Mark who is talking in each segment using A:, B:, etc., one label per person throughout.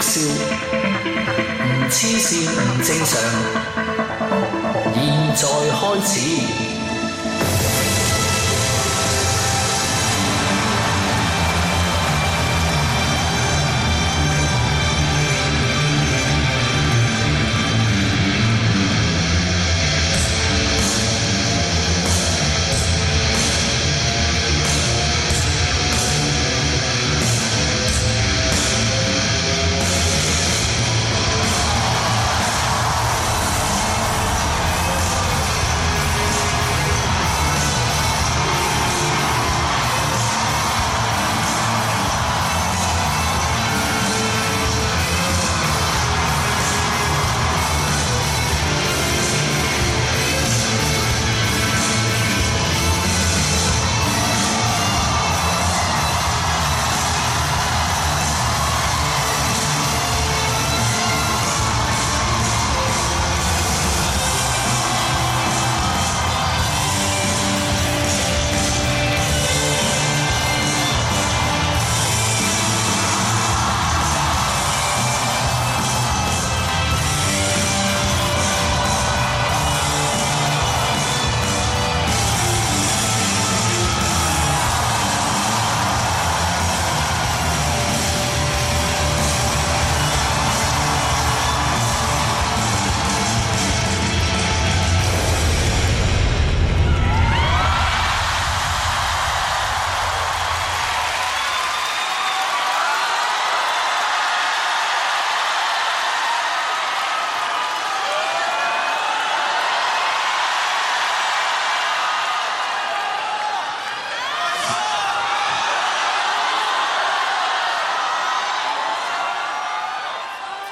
A: 笑，唔黐線，唔正常，現在開始。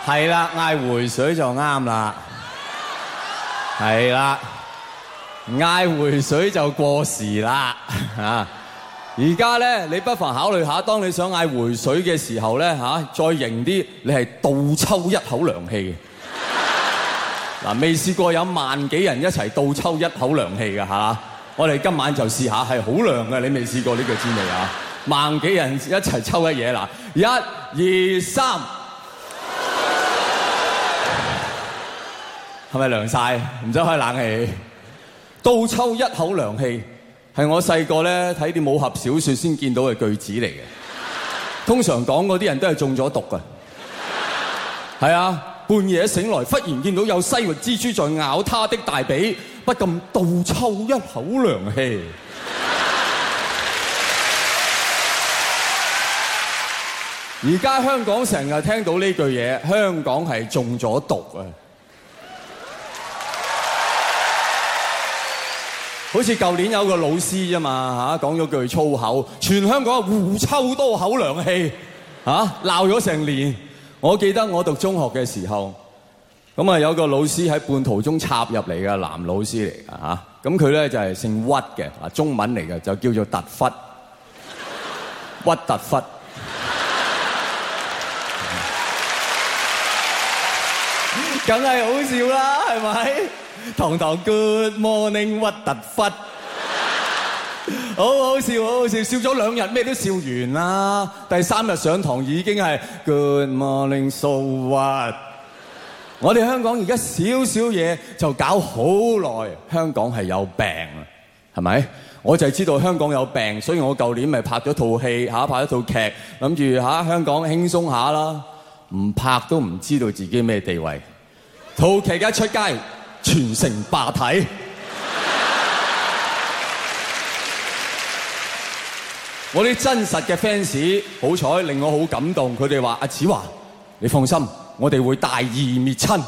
A: 係啦，嗌回水就啱啦。係啦，嗌回水就過時啦。啊，而家咧，你不妨考慮下，當你想嗌回水嘅時候咧，吓再型啲，你係倒抽一口涼氣嗱，未 試過有萬幾人一齊倒抽一口涼氣嘅吓。 我哋今晚就試下，係好涼嘅。你未試過呢個滋味啊？萬幾人一齊抽嘅嘢，啦一、二、三。係咪涼晒？唔使開冷氣，倒抽一口涼氣，係我細個咧睇啲武俠小説先見到嘅句子嚟嘅。通常講嗰啲人都係中咗毒嘅。係 啊，半夜醒來，忽然見到有西域蜘蛛在咬他的大髀，不禁倒抽一口涼氣。而家 香港成日聽到呢句嘢，香港係中咗毒啊！好似舊年有個老師啫嘛嚇，講咗句粗口，全香港胡抽多口涼氣嚇，鬧咗成年。我記得我讀中學嘅時候，咁啊有個老師喺半途中插入嚟嘅男老師嚟嘅嚇，咁佢咧就係姓屈嘅啊，中文嚟嘅就叫做突忽，屈突忽，梗係好笑啦，係咪？堂堂 Good Morning 屈突忽，好好笑，好好笑，笑咗兩日咩都笑完啦。第三日上堂已經係 Good Morning So What。我哋香港而家少少嘢就搞好耐，香港係有病啊，係咪？我就係知道香港有病，所以我舊年咪拍咗套戲嚇，拍咗套劇，諗住嚇香港輕鬆下啦。唔拍都唔知道自己咩地位。套劇家出街，全城霸體， 我啲真實嘅 fans 好彩，令我好感動，佢哋話：阿、啊、子華，你放心，我哋會大義滅親。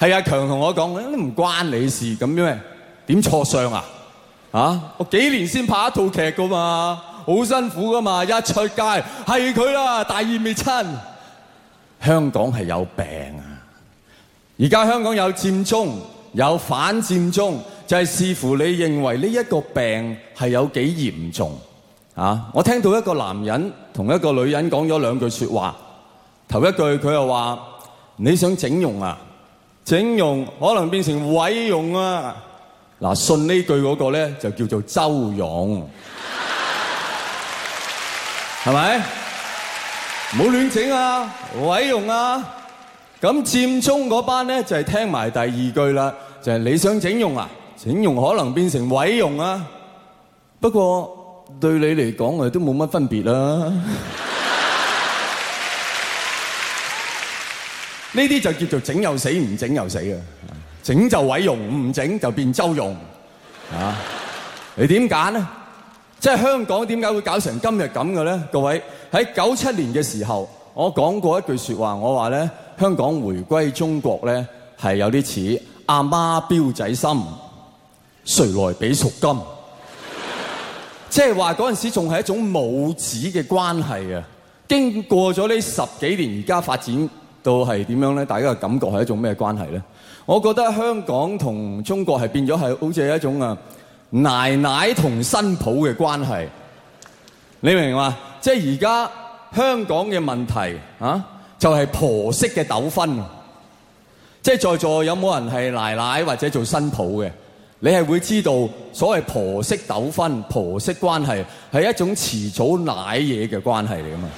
A: 係阿、啊、強同我講，你唔關你事，咁樣點錯相啊？啊，啊我幾年先拍一套劇㗎嘛，好辛苦㗎嘛，一出街係佢啦，大義滅親。香港係有病啊！而家香港有佔中，有反佔中，就係視乎你認為呢一個病係有幾嚴重啊！我聽到一個男人同一個女人講咗兩句說話，頭一句佢又話：你想整容啊？整容可能變成毀容啊！嗱，信呢句嗰個咧就叫做周融，係咪？ 唔好亂整啊，毀容啊！咁佔中嗰班咧就係聽埋第二句啦，就係你想整容啊？整容可能變成毀容啊，不過對你嚟講誒都冇乜分別啦。呢啲就叫做整又死，唔整又死啊！整就毀容，唔整就變周融啊！你點揀咧？即係香港點解會搞成今日咁嘅咧？各位喺九七年嘅時候，我講過一句説話，我話咧。香港回歸中國咧，係有啲似阿媽標仔心，誰來俾贖金？即係話嗰陣時仲係一種母子嘅關係啊！經過咗呢十幾年，而家發展到係點樣咧？大家嘅感覺係一種咩關係咧？我覺得香港同中國係變咗係好似係一種啊奶奶同新抱嘅關係，你明唔明、就是、啊？即係而家香港嘅問題啊！就係婆媳嘅糾紛，即係在座有冇人係奶奶或者做新抱嘅？你係會知道所謂婆媳糾紛、婆媳關係係一種遲早奶嘢嘅關係嚟噶嘛？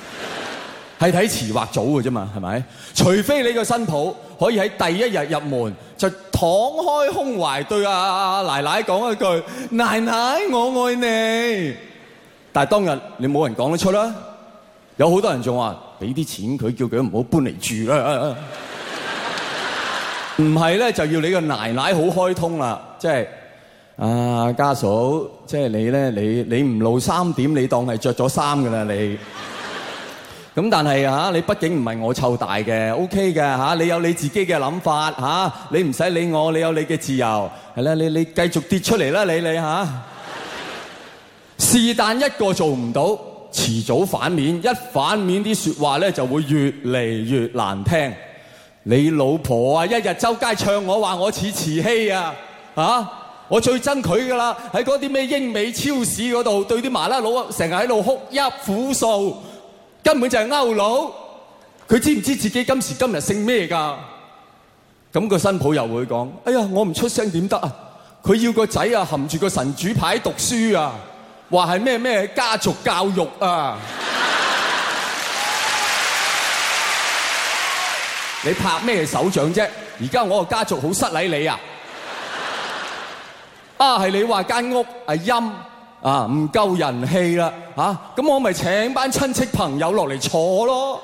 A: 係睇 遲或早嘅啫嘛，係咪？除非你個新抱可以喺第一日入門就敞開胸懷對阿奶奶講一句： 奶奶我愛你。但係當日你冇人講得出啦。有好多人仲話俾啲錢佢，叫佢唔好搬嚟住啦。唔係咧，就要你個奶奶好開通啦。即係啊家嫂，即係你咧，你你唔露三點，你當係著咗衫噶啦你。咁但係嚇，你畢竟唔係我湊大嘅，OK 嘅嚇，你有你自己嘅諗法嚇，你唔使理我，你有你嘅自由係啦。你你繼續跌出嚟啦，你你嚇。是但一個做唔到。遲早反面，一反面啲說話咧就會越嚟越難聽。你老婆啊，一日周街唱我話我似慈禧啊，啊！我最憎佢噶啦，喺嗰啲咩英美超市嗰度對啲麻甩佬啊，成日喺度哭泣苦訴，根本就係勾佬。佢知唔知自己今時今日姓咩㗎？咁個新抱又會講：哎呀，我唔出聲點得啊？佢要個仔啊，含住個神主牌讀書啊！話係咩咩家族教育啊！你拍咩手掌啫？而家我個家族好失禮你啊！啊係你話間屋係陰啊，唔、啊、夠人氣啦嚇，咁、啊、我咪請班親戚朋友落嚟坐咯。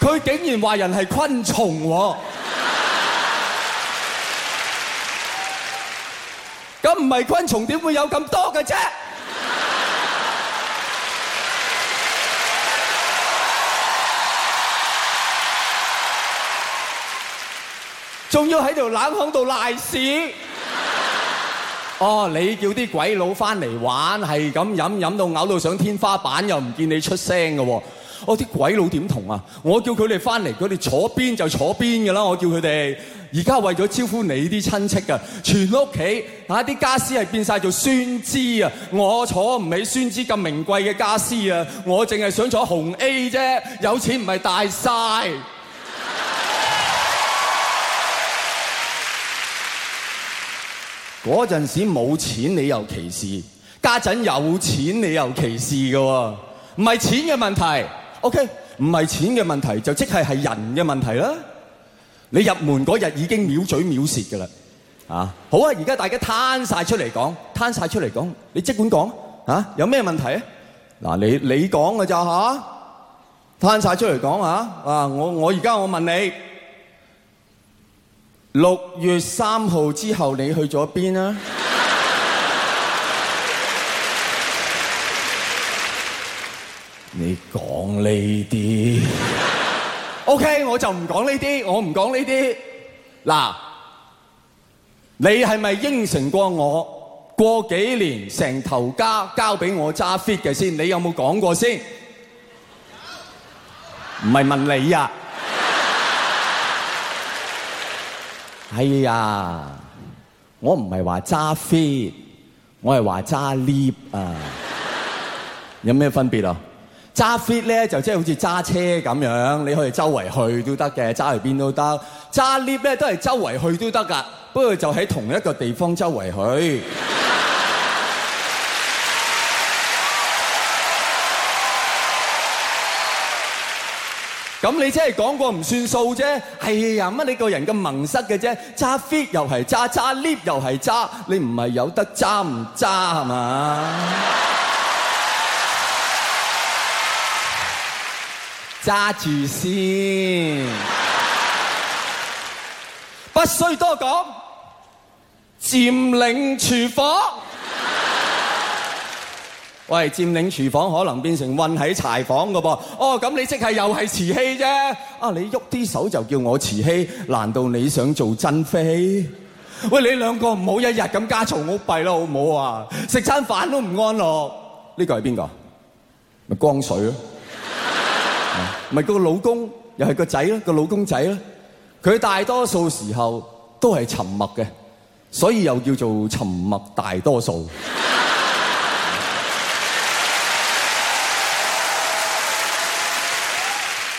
A: 佢竟然話人係昆蟲喎！唔係昆蟲點會有咁多嘅啫？仲要喺條冷巷度瀨屎！哦，你叫啲鬼佬返嚟玩，係咁飲飲到嘔到上天花板，又唔見你出聲嘅喎！我啲、哦、鬼佬點同啊！我叫佢哋翻嚟，佢哋坐邊就坐邊㗎啦。我叫佢哋而家為咗招呼你啲親戚啊，全屋企嚇啲家私係變晒做酸枝啊！我坐唔起酸枝咁名貴嘅家私啊！我淨係想坐紅 A 啫，有錢唔係大晒。嗰陣 時冇錢你又歧視，家陣有錢你又歧視㗎喎，唔係錢嘅問題。OK，唔係錢嘅問題，就即係係人嘅問題啦。你入門嗰日已經藐嘴藐舌㗎喇，啊，好啊，而家大家攤曬出嚟講，攤曬出嚟講，你即管講，嚇，有咩問題啊？嗱，你你講㗎咋嚇，攤曬出嚟講嚇，啊，我我而家我問你，六月三號之後你去咗邊啊？你講呢啲？OK，我就唔講呢啲，我唔講呢啲。嗱，你係咪應承過我過幾年成頭家交俾我揸 fit 嘅先？你有冇講過先？唔係 問你啊！ 哎呀，我唔係話揸 fit，我係話揸 lift 啊！有咩分別啊？揸 fit 咧就即係好似揸車咁樣，你可以周圍去都得嘅，揸去邊都得。揸 lift 咧都係周圍去都得㗎，不過就喺同一個地方周圍去。咁 你即係講過唔算數啫，係、哎、呀，乜你個人咁萌塞嘅啫？揸 fit 又係揸，揸 lift 又係揸，你唔係有得揸唔揸係嘛？ 揸住先不，不需多講。佔領廚房，喂，佔領廚房可能變成運喺柴房㗎噃。哦，咁你即係又係慈禧啫。啊，你喐啲手就叫我慈禧？難道你想做珍妃？喂，你兩個唔好一日咁加嘈屋閉啦，好唔好啊？食餐飯都唔安樂。呢、呢個係邊個？咪江水咯。咪個老公又係個仔囉，個老公仔囉，佢大多數時候都係沉默嘅，所以又叫做沉默大多數。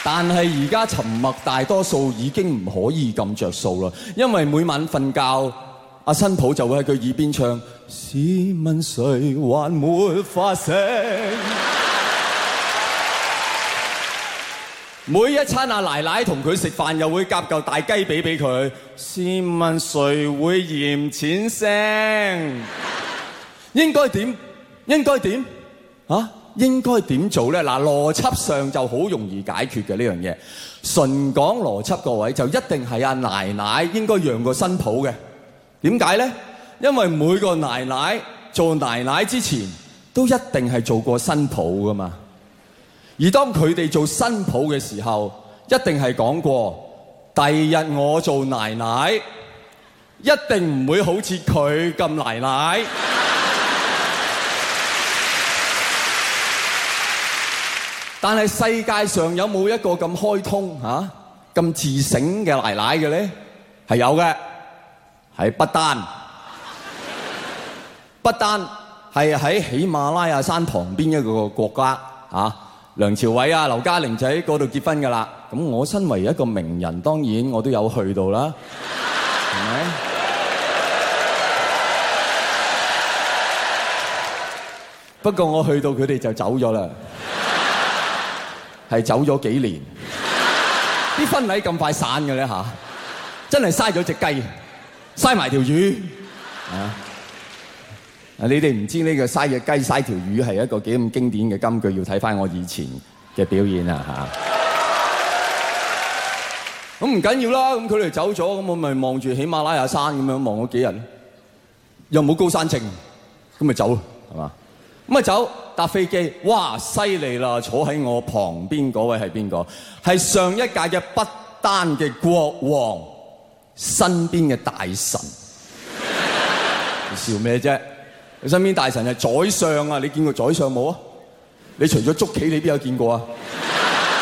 A: 但係而家沉默大多數已經唔可以咁著數啦，因為每晚瞓覺，阿新抱就會喺佢耳邊唱。試問誰還沒發聲。每一餐阿、啊、奶奶同佢食飯，又會夾嚿大雞髀俾佢。試問誰會嫌錢聲？ 應該點？應該點？啊？應該點做咧？嗱、啊，邏輯上就好容易解決嘅，呢樣嘢。純講邏輯，各位就一定係阿、啊、奶奶應該讓個新抱嘅。點解咧？因為每個奶奶做奶奶之前，都一定係做過新抱噶嘛。而當佢哋做新抱嘅時候，一定係講過：第二日我做奶奶，一定唔會好似佢咁奶奶。 但係世界上有冇一個咁開通嚇、咁、啊、自省嘅奶奶嘅咧？係有嘅，喺不丹。 不丹係喺喜馬拉雅山旁邊一個國家嚇。啊梁朝偉啊，劉嘉玲仔嗰度結婚噶啦，咁我身為一個名人，當然我都有去到啦，係咪？不過我去到佢哋就走咗啦，係走咗幾年，啲婚禮咁快散嘅咧吓，真係嘥咗隻雞，嘥埋條魚，係啊。你哋唔知呢個嘥隻雞，嘥條魚係一個幾咁經典嘅金句，要睇翻我以前嘅表演啊吓。咁唔緊要啦，咁佢哋走咗，咁我咪望住喜馬拉雅山咁樣望咗幾日，又冇高山症。咁咪走係嘛？咁咪吧走，搭飛機，哇！犀利啦！坐喺我旁邊嗰位係邊個？係上一屆嘅不丹嘅國王身邊嘅大臣。你笑咩啫？你身邊大臣係宰相啊！你見過宰相冇啊？你除咗捉棋，你邊有見過啊？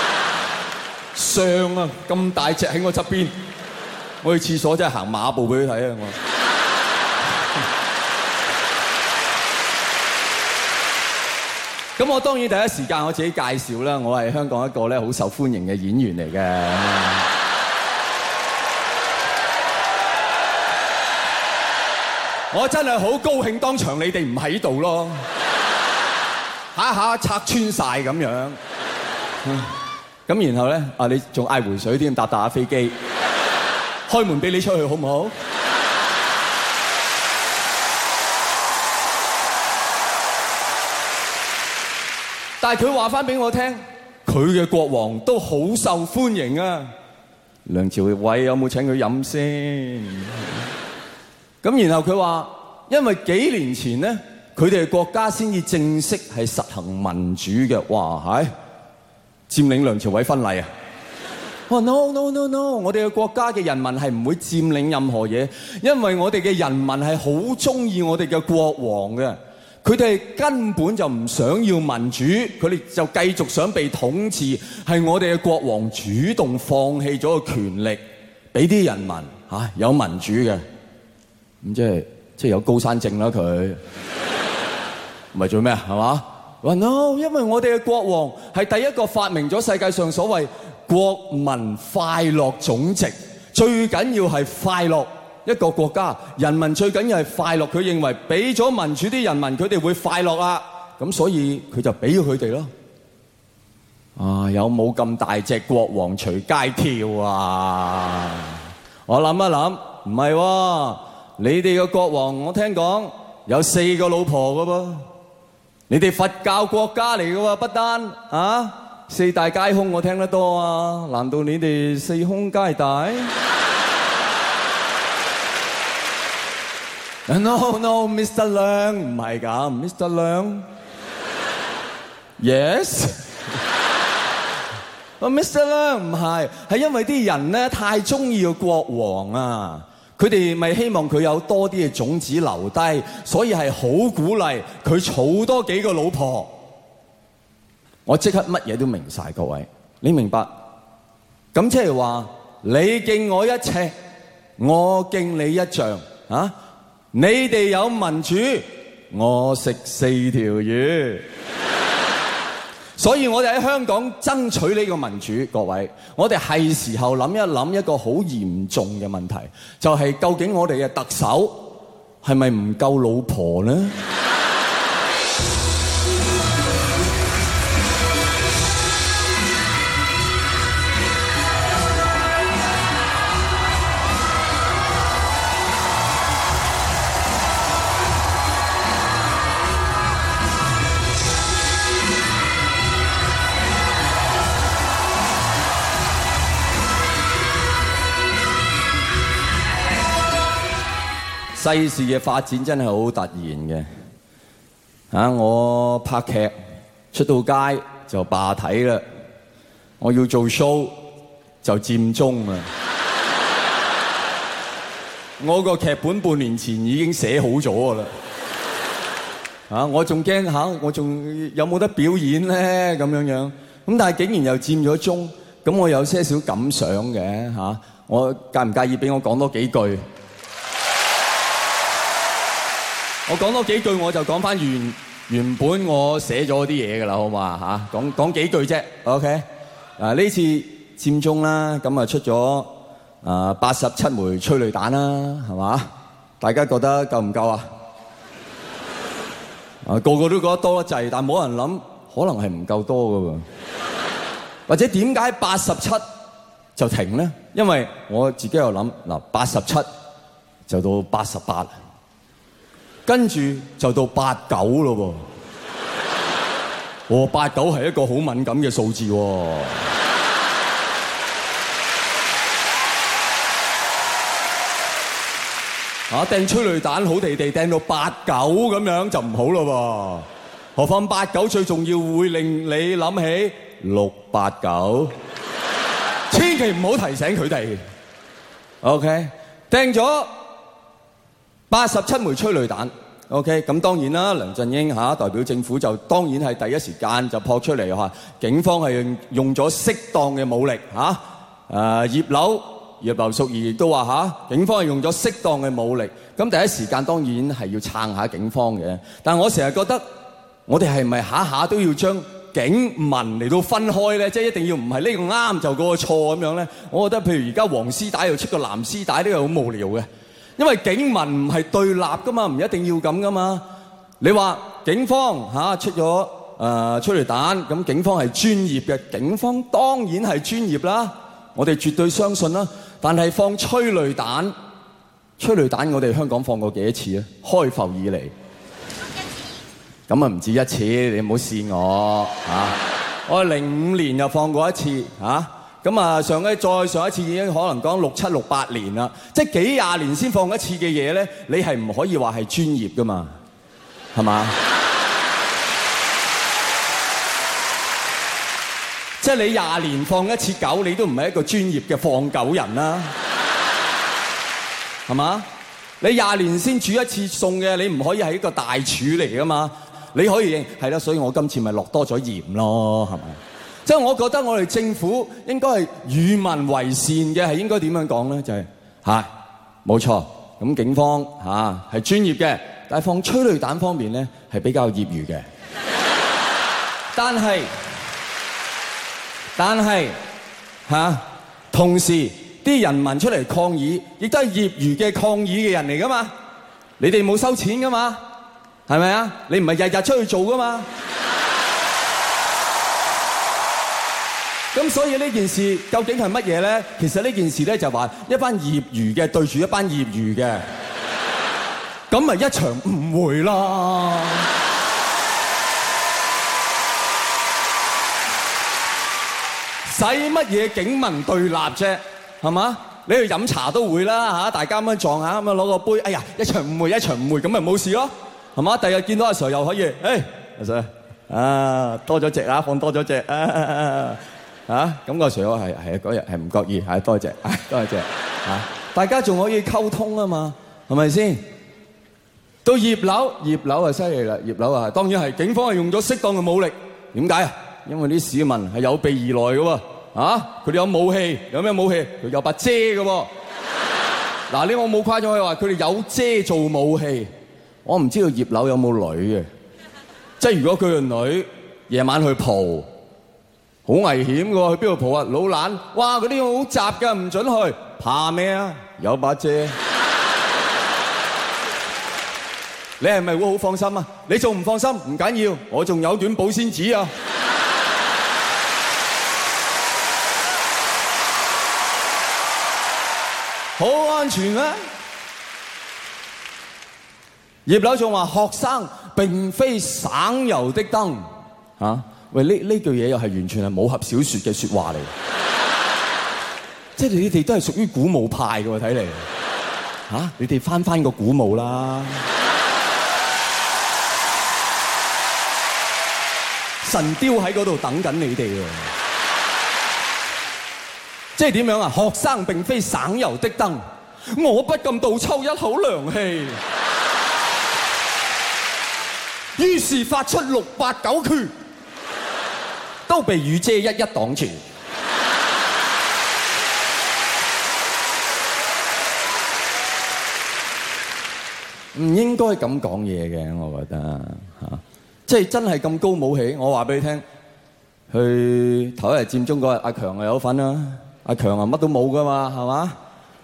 A: 相啊，咁大隻喺我側邊，我去廁所真係行馬步俾佢睇啊！我 咁 我當然第一時間我自己介紹啦，我係香港一個咧好受歡迎嘅演員嚟嘅。我真係好高興，當場你哋唔喺度咯，下下拆穿晒咁樣，咁然後咧，啊你仲嗌回水添，搭搭下飛機，開門俾你出去好唔好？但係佢話翻俾我聽，佢嘅國王都好受歡迎啊！梁朝偉有冇請佢飲先？咁然後佢話：因為幾年前呢，佢哋嘅國家先至正式係實行民主嘅。哇係！佔領梁朝偉婚禮啊！我、oh, no no no no，我哋嘅國家嘅人民係唔會佔領任何嘢，因為我哋嘅人民係好中意我哋嘅國王嘅。佢哋根本就唔想要民主，佢哋就繼續想被統治。係我哋嘅國王主動放棄咗個權力，俾啲人民嚇、哎、有民主嘅。咁即係即係有高山症啦佢，唔係做咩啊？係嘛？話 no，因為我哋嘅國王係第一個發明咗世界上所謂國民快樂總值，最緊要係快樂，一個國家，人民最緊要係快樂。佢認為俾咗民主啲人民，佢哋會快樂啦。咁所以佢就俾咗佢哋咯。啊！有冇咁大隻國王隨街跳啊？我諗一諗，唔係喎。你哋個國王，我聽講有四個老婆噶噃。你哋佛教國家嚟噶喎，不單啊四大皆空，我聽得多啊。難道你哋四空皆大？No no，Mr. 亮唔係咁，Mr. 亮。Yes，我 Mr. 亮唔係，係因為啲人咧，太中意個國王啊。佢哋咪希望佢有多啲嘅種子留低，所以係好鼓勵佢儲多幾個老婆。我即刻乜嘢都明晒，各位，你明白？咁即係話，你敬我一尺，我敬你一丈。啊，你哋有民主，我食四條魚。所以我哋喺香港爭取呢個民主，各位，我哋係時候諗一諗一個好嚴重嘅問題，就係究竟我哋嘅特首係咪唔夠老婆呢？世事嘅發展真係好突然嘅，啊！我拍劇出到街就罷睇啦，我要做 show 就佔中啦。我個劇本半年前已經寫好咗噶啦，啊！我仲驚下，我仲有冇得表演咧咁樣樣，咁但係竟然又佔咗中，咁我有些少感想嘅吓，我介唔介意俾我講多幾句？我講多幾句，我就講翻原原本我寫咗啲嘢㗎啦，好嘛嚇？講、啊、講幾句啫，OK？啊，呢次佔中啦，咁啊出咗啊八十七枚催淚彈啦，係嘛？大家覺得夠唔夠啊？ 啊，個個都覺得多得滯，但冇人諗可能係唔夠多㗎喎。或者點解八十七就停呢？因為我自己又諗嗱，八十七就到八十八。跟住就到八九咯喎，哦八九係一個好敏感嘅數字喎，啊掟催淚彈好地地掟到八九咁樣就唔好咯喎，何況八九最重要會令你諗起六八九，千祈唔好提醒佢哋，OK，掟咗八十七枚催淚彈。OK，咁當然啦，梁振英嚇代表政府就當然係第一時間就撲出嚟，話警方係用用咗適當嘅武力嚇。誒葉劉葉劉淑儀亦都話嚇，警方係用咗適當嘅武力。咁第一時間當然係要撐下警方嘅。但係我成日覺得，我哋係咪下下都要將警民嚟到分開咧？即係一定要唔係呢個啱就嗰個錯咁樣咧？我覺得譬如而家黃絲帶又出個藍絲帶，呢個好無聊嘅。因為警民唔係對立噶嘛，唔一定要咁噶嘛。你話警方吓、啊、出咗誒、呃、催淚彈，咁警方係專業嘅，警方當然係專業啦。我哋絕對相信啦。但係放催淚彈，催淚彈我哋香港放過幾多次啊？開埠以嚟，咁啊唔止一次，你唔好試我吓。啊、 我零五年又放過一次吓。啊咁啊，上一再上一次已經可能講六七六八年啦，即係幾廿年先放一次嘅嘢咧，你係唔可以話係專業㗎嘛，係嘛？ 即係你廿年放一次狗，你都唔係一個專業嘅放狗人啦，係嘛？你廿年先煮一次餸嘅，你唔可以係一個大廚嚟㗎嘛？你可以認係啦，所以我今次咪落多咗鹽咯，係咪？即係我覺得我哋政府應該係與民為善嘅，係應該點樣講咧？就係吓，冇錯。咁警方吓係、啊、專業嘅，但係放催淚彈方面咧係比較業餘嘅。 但係，但係吓，同時啲人民出嚟抗議，亦都係業餘嘅抗議嘅人嚟噶嘛？你哋冇收錢噶嘛？係咪啊？你唔係日日出去做噶嘛？ 咁所以呢件事究竟係乜嘢咧？其實呢件事咧就話一班業餘嘅對住一班業餘嘅，咁咪一場誤會咯。使乜嘢警民對立啫？係嘛？你去飲茶都會啦嚇，大家咁樣撞下咁樣攞個杯，哎呀，一場誤會，一場誤會，咁咪冇事咯。係嘛？第日見到阿 Sir 又可以，哎，阿 Sir 啊多咗隻啊放多咗隻啊。啊，咁個時候係係啊，嗰日係唔覺意，係多謝，多謝。嚇，大家仲可以溝通啊嘛，係咪先？到葉劉，葉劉啊犀利啦，葉劉啊，當然係警方係用咗適當嘅武力，點解啊？因為啲市民係有備而來嘅喎，啊，佢哋有武器，有咩武器？佢有把遮嘅喎。嗱，呢個我冇誇張，我話佢哋有遮做武器。我唔知道葉劉有冇女嘅，即係如果佢個女夜晚去蒲。好危險嘅喎，去邊度蒲啊？老懶，哇，嗰啲好雜㗎，唔准去，怕咩啊？有把遮，你係咪會好放心啊？你仲唔放心？唔緊要，我仲有短保鮮紙啊！好安全啊！葉柳仲話：學生並非省油的燈，嚇。喂，呢，呢句嘢又係完全係武俠小説嘅說話嚟， 即係你哋都係屬於古武派嘅喎，睇嚟，啊、你哋翻翻個古武啦，神雕喺嗰度等緊你哋啊，即係點樣啊？學生並非省油的燈，我不禁倒抽一口涼氣，於是發出六八九拳。都被雨遮一一擋住，唔應該咁講嘢嘅，我覺得嚇，即係真係咁高武起，我話俾你聽，去頭一日佔中嗰日，阿強又有份啦，阿強啊乜都冇㗎嘛，係嘛？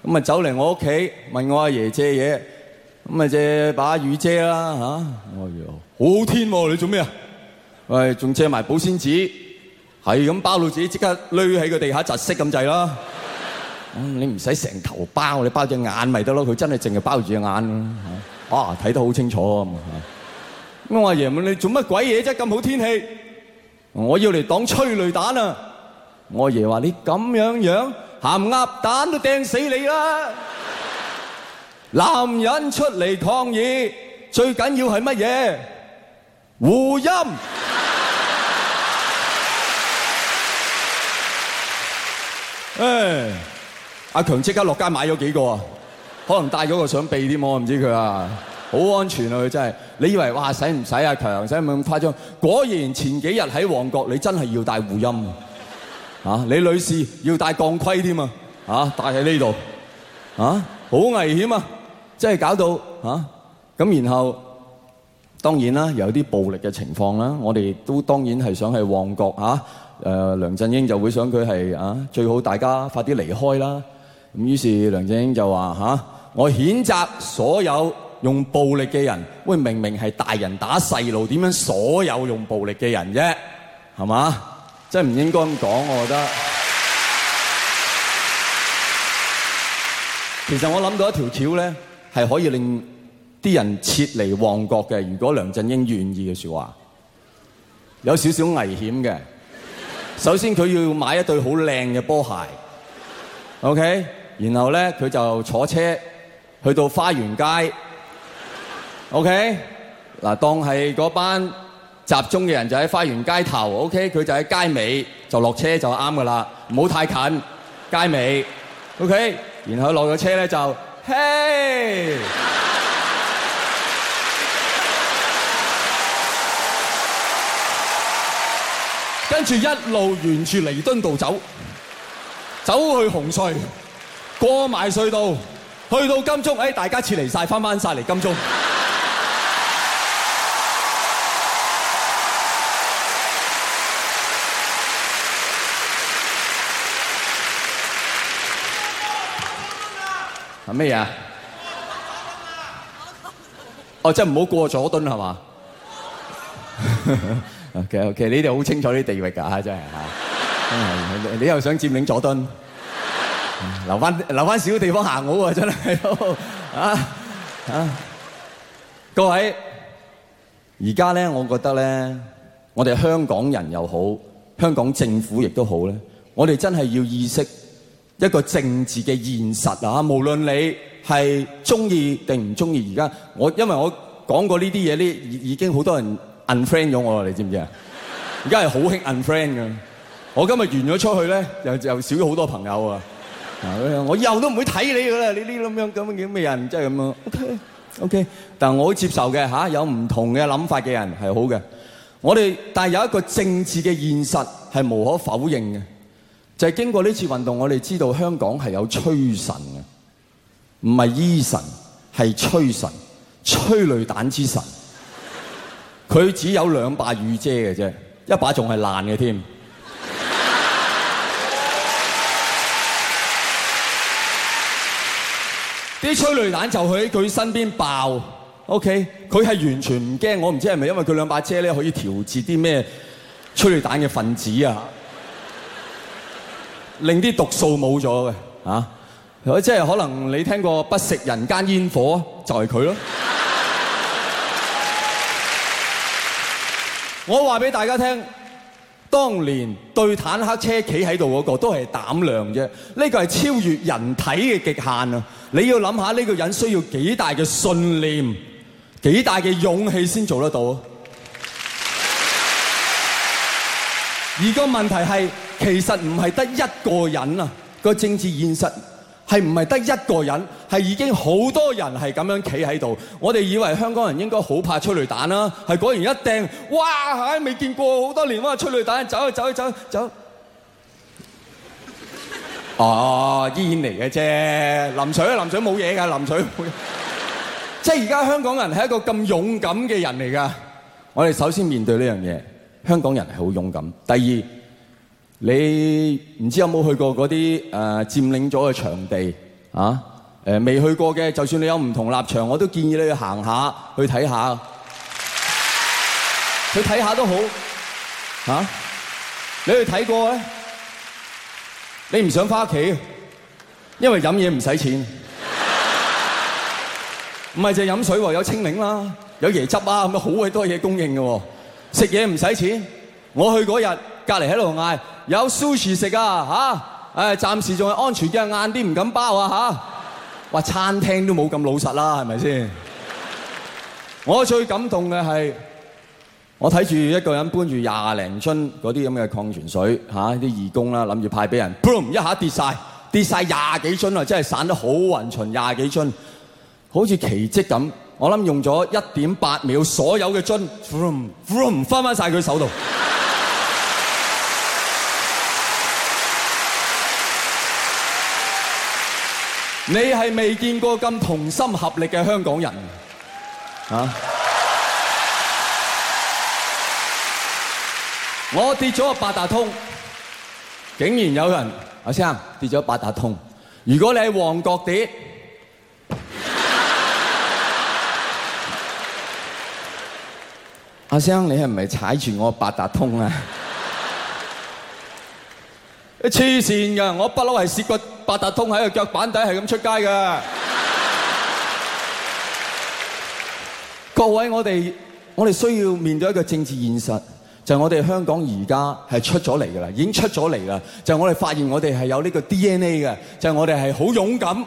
A: 咁啊走嚟我屋企問我阿爺借嘢，咁啊借把雨遮啦嚇，我話：好天喎，你做咩啊？喂，仲借埋保鮮紙。係咁包到自己，即刻匿喺個地下窒息咁滯啦。 你唔使成頭包，你包隻眼咪得咯。佢真係淨係包住隻眼。啊，睇得好清楚咁。啊、我阿爺，爺問你做乜鬼嘢啫？咁好天氣，我要嚟擋催淚彈啊！我阿爺話你咁樣樣，鹹鴨蛋都掟死你啦！ 男人出嚟抗議，最緊要係乜嘢？護音。唉，hey, 阿強即刻落街買咗幾個啊，可能帶咗個想避啲我唔知佢啊，好安全啊佢真係。你以為哇使唔使阿強使唔使咁誇張？果然前幾日喺旺角，你真係要帶護音護陰啊，啊。你女士要帶鋼盔添啊，帶喺呢度，啊好危險啊，真係搞到嚇咁，啊、然後當然啦，有啲暴力嘅情況啦，我哋都當然係想去旺角嚇。啊呃、梁振英就會想佢係啊，最好大家快啲離開啦。咁於是梁振英就話、啊、我譴責所有用暴力嘅人。喂，明明係大人打細路，點樣所有用暴力嘅人啫？係嘛？真係唔應該咁講，我覺得。 其實我諗到一條橋咧，係可以令啲人撤離旺角嘅。如果梁振英願意嘅説話，有少少危險嘅。首先佢要買一對好靚嘅波鞋，OK，然後咧佢就坐車去到花園街，OK，嗱當係嗰班集中嘅人就喺花園街頭，OK，佢就喺街尾就落車就啱㗎喇，唔好太近街尾，OK，然後落咗車咧就嘿。跟住一路沿住彌敦道走，走去紅隧，過埋隧道，去到金鐘。哎，大家撤離曬，翻返曬嚟金鐘。係咩呀？哦，即係唔好過咗敦係嘛？OK OK，你哋好清楚啲地域㗎，真係嚇！你又想佔領佐敦，留翻留翻少啲地方行好啊！真係嚇嚇，各位，而家咧，我覺得咧，我哋香港人又好，香港政府亦都好咧，我哋真係要意識一個政治嘅現實啊！無論你係中意定唔中意，而家我因為我講過呢啲嘢，呢已經好多人 unfriend 咗我你知唔知啊？而家係好興 unfriend 噶。我今日完咗出去咧，又又少咗好多朋友啊！我以後都唔會睇你噶啦，你呢啲咁樣咁樣嘅人，真係咁樣 OK，OK，okay, okay，但係我好接受嘅吓、啊，有唔同嘅諗法嘅人係好嘅。我哋但係有一個政治嘅現實係無可否認嘅，就係經過呢次運動，我哋知道香港係有催神嘅，唔係醫神，係催神，催淚彈之神。佢只有兩把雨遮嘅啫，一把仲係爛嘅添。啲 催淚彈就喺佢身邊爆，OK，佢係完全唔驚。我唔知係咪因為佢兩把遮咧可以調節啲咩催淚彈嘅分子啊，令啲毒素冇咗嘅啊，即係可能你聽過不食人間煙火就係佢咯。我話俾大家聽，當年對坦克車企喺度嗰個都係膽量啫。呢、呢個係超越人體嘅極限啊！你要諗下呢個人需要幾大嘅信念、幾大嘅勇氣先做得到啊！ 而個問題係，其實唔係得一個人啊，個政治現實。係唔係得一個人？係已經好多人係咁樣企喺度。我哋以為香港人應該好怕催淚彈啦，係果然一掟，哇！係未見過好多年，哇！催淚彈走啊走啊走走。哦，煙嚟嘅啫。淋水淋水冇嘢㗎，淋水冇。即係而家香港人係一個咁勇敢嘅人嚟㗎。我哋首先面對呢樣嘢，香港人係好勇敢。第二。你唔知有冇去過嗰啲，誒，佔領咗嘅場地啊？誒，未去過嘅，就算你有唔同立場，我都建議你去行下去睇下。去睇下都好嚇，你去睇過咧？你唔想翻屋企，因為飲嘢唔使錢，唔係淨係飲水喎，有青檸啦，有椰汁啊，咁樣好鬼多嘢供應嘅喎。食嘢唔使錢，我去嗰日隔離喺度嗌。有 sushi 食啊嚇！誒、啊哎，暫時仲係安全嘅，晏啲唔敢包啊嚇、啊！話餐廳都冇咁老實啦，係咪先？我最感動嘅係，我睇住一個人搬住廿零樽嗰啲咁嘅礦泉水嚇，啲義工啦，諗住派俾人，boom 一下跌晒，跌晒廿幾樽啊！真係散得好匀循廿幾樽，好似奇蹟咁。我諗用咗一點八秒，所有嘅樽，boom boom 翻翻晒佢手度。你係未見過咁同心合力嘅香港人啊！啊我跌咗八達通，竟然有人阿、啊、生跌咗八達通。如果你喺旺角跌，阿、 啊、生你係咪踩住我嘅八達通啊？啲黐線㗎！我不嬲係蝕骨八達通喺個腳板底係咁出街㗎。 各位，我哋我哋需要面對一個政治現實，就係、是、我哋香港而家係出咗嚟㗎啦，已經出咗嚟啦。就是、我哋發現，我哋係有呢個 DNA 嘅，就係、是、我哋係好勇敢，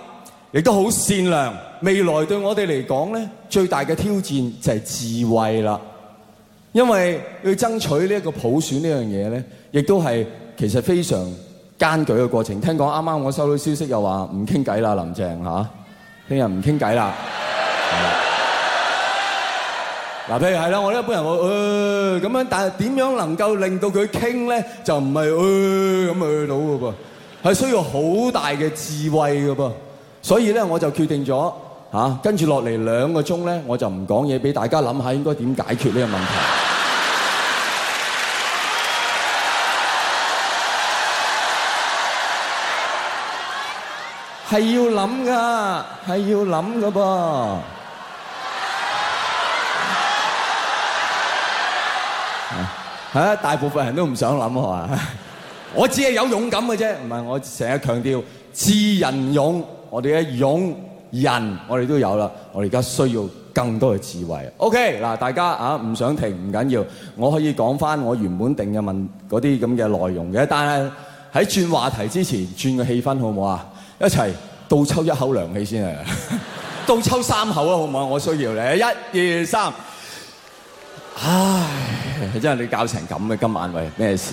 A: 亦都好善良。未來對我哋嚟講咧，最大嘅挑戰就係智慧啦，因為要爭取呢一個普選呢樣嘢咧，亦都係。其實非常艱巨嘅過程，聽講啱啱我收到消息又話唔傾偈啦，林鄭嚇，聽日唔傾偈啦。嗱，譬 如係啦，我哋一般人我誒咁、呃、樣，但係點樣能夠令到佢傾咧，就唔係誒咁去到嘅噃，係、呃、需要好大嘅智慧㗎噃。所以咧，我就決定咗嚇，跟住落嚟兩個鐘咧，我就唔講嘢，俾大家諗下應該點解決呢個問題。係要諗㗎，係要諗㗎噃嚇。大部分人都唔想諗，係嘛？我只係有勇敢嘅啫，唔係我成日強調智人勇。我哋嘅勇人，我哋都有啦。我哋而家需要更多嘅智慧。OK，嗱，大家啊，唔想停唔緊要，我可以講返我原本定嘅問嗰啲咁嘅內容嘅，但係喺轉話題之前轉個氣氛好唔好啊？一齊倒抽一口涼氣先啊！倒抽三口啊，好唔好？我需要你一、二、三。唉，真係你搞成咁嘅，今晚喂，咩事？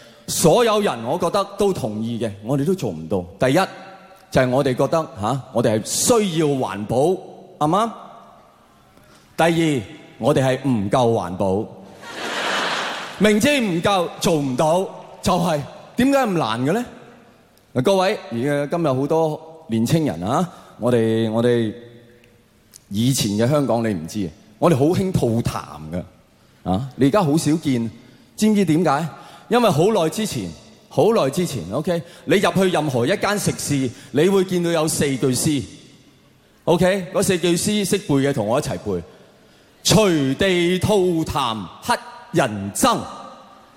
A: 所有人，我覺得都同意嘅，我哋都做唔到。第一就係、是、我哋覺得吓、啊，我哋係需要環保，係嘛？第二，我哋係唔夠環保， 明知唔夠做唔到，就係點解咁難嘅咧？嗱、啊，各位而家今日好多年青人啊，我哋我哋以前嘅香港你唔知，我哋好興吐痰㗎，啊，你而家好少見，知唔知點解？因為好耐之前，好耐之前，OK，你入去任何一間食肆，你會見到有四句詩，OK，嗰四句詩識背嘅同我一齊背：隨地吐痰乞人憎，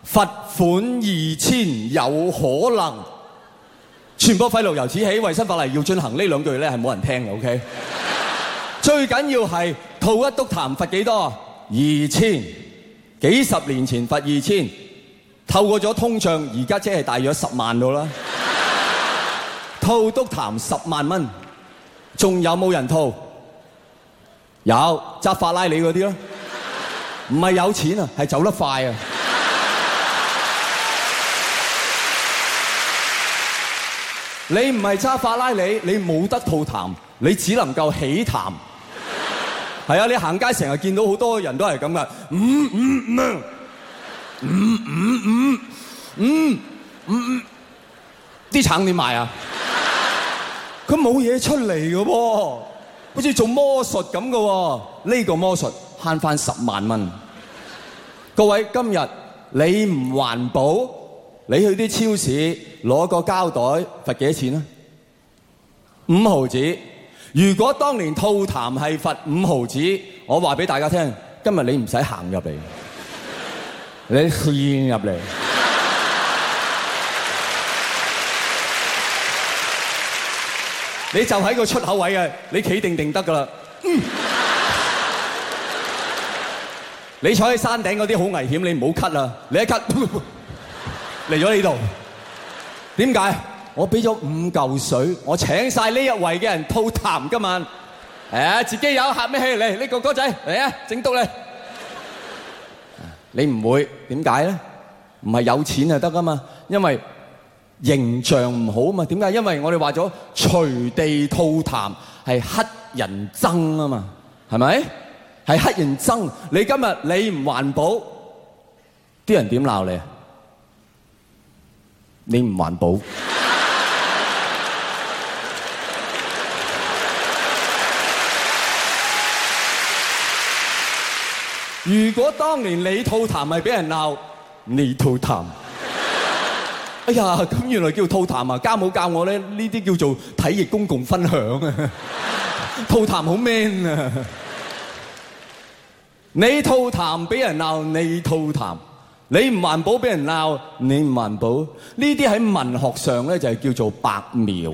A: 罰款二千有可能。傳播廢路由此起，衞生法例要進行。呢兩句咧係冇人聽嘅，OK 最。最緊要係吐一篤痰罰幾多？二千，幾十年前罰二千。透過咗通脹，而家即係大約十萬度啦。套督談十萬蚊，仲有冇人套？有揸法拉利嗰啲咯，唔係有錢啊，係走得快啊。你唔係揸法拉利，你冇得套談，你只能夠起談。係啊，你行街成日見到好多人都係咁噶，嗯嗯嗯。五五五五五五，啲、嗯嗯嗯嗯嗯嗯、橙點賣啊？佢冇嘢出嚟嘅喎，好似做魔術咁嘅。呢、呢個魔術慳翻十萬蚊。 各位今日你唔環保，你去啲超市攞個膠袋罰幾多錢啊？五毫子。如果當年吐痰係罰五毫子，我話俾大家聽，今日你唔使行入嚟。你墜入嚟，你就喺個出口位啊！你企定定得噶啦。你坐喺山頂嗰啲好危險，你唔好咳啊！你一咳，噗噗嚟咗呢度，點解？我俾咗五嚿水，我請晒呢一位嘅人吐痰今晚。係啊，自己有客咩氣嚟？呢個哥仔嚟啊，整到你。你唔會點解咧？唔係有錢就得㗎嘛？因為形象唔好啊嘛？點解？因為我哋話咗隨地吐痰係乞人憎啊嘛？係咪？係乞人憎。你今日你唔環保，啲人點鬧你？你唔環保。如果當年你吐痰係俾人鬧，你吐痰。哎呀，咁原來叫吐痰啊！家母教我咧，呢啲叫做體液公共分享啊。吐痰好 man 啊！你吐痰俾人鬧，你吐痰；你唔環保俾人鬧，你唔環保。呢啲喺文學上咧就係叫做白描。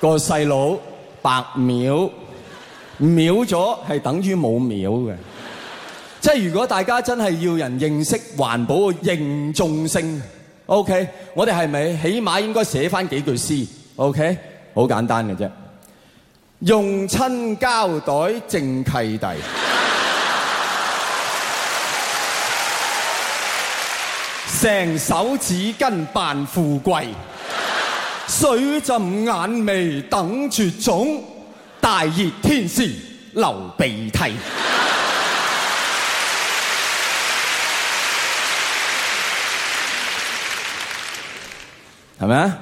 A: 個細佬白描。秒咗係等於冇秒嘅，即係如果大家真係要人認識環保嘅嚴重性，OK，我哋係咪起碼應該寫翻幾句詩？OK，好簡單嘅啫，用親膠袋淨契弟，成手紙巾扮富貴，水浸眼眉等絕種。大熱天時流鼻涕，係咪啊？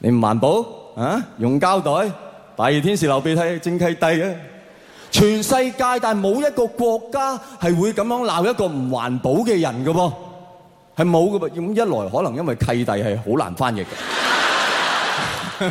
A: 你唔環保啊？用膠袋，大熱天時流鼻涕正契弟啊。全世界但係冇一個國家係會咁樣鬧一個唔環保嘅人㗎噃，係冇㗎噃。咁一來可能因為契弟係好難翻譯嘅。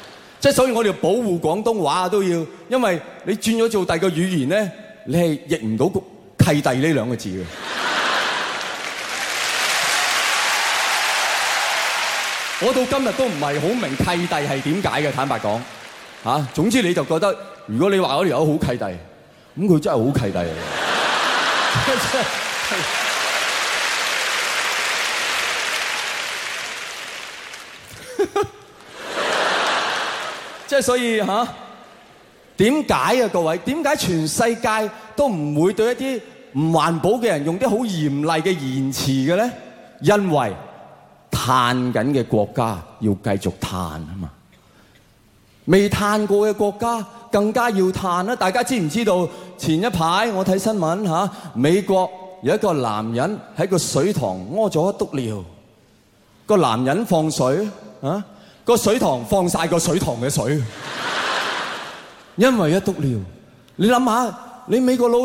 A: 即係所以，我哋要保護廣東話都要，因為你轉咗做第二個語言咧，你係譯唔到「契弟」呢兩個字嘅。 我到今日都唔係好明契弟係點解嘅，坦白講。嚇、啊，總之你就覺得，如果你話嗰條友好契弟，咁佢真係好契弟。 即係所以嚇，點解啊各位？點解全世界都唔會對一啲唔環保嘅人用啲好嚴厲嘅言辭嘅咧？因為碳緊嘅國家要繼續碳啊嘛，未碳過嘅國家更加要碳啦！大家知唔知道？前一排我睇新聞嚇，美國有一個男人喺個水塘屙咗一篤尿，個男人放水啊！個水塘放曬個水塘嘅水，因為一篤尿。你諗下，你美國佬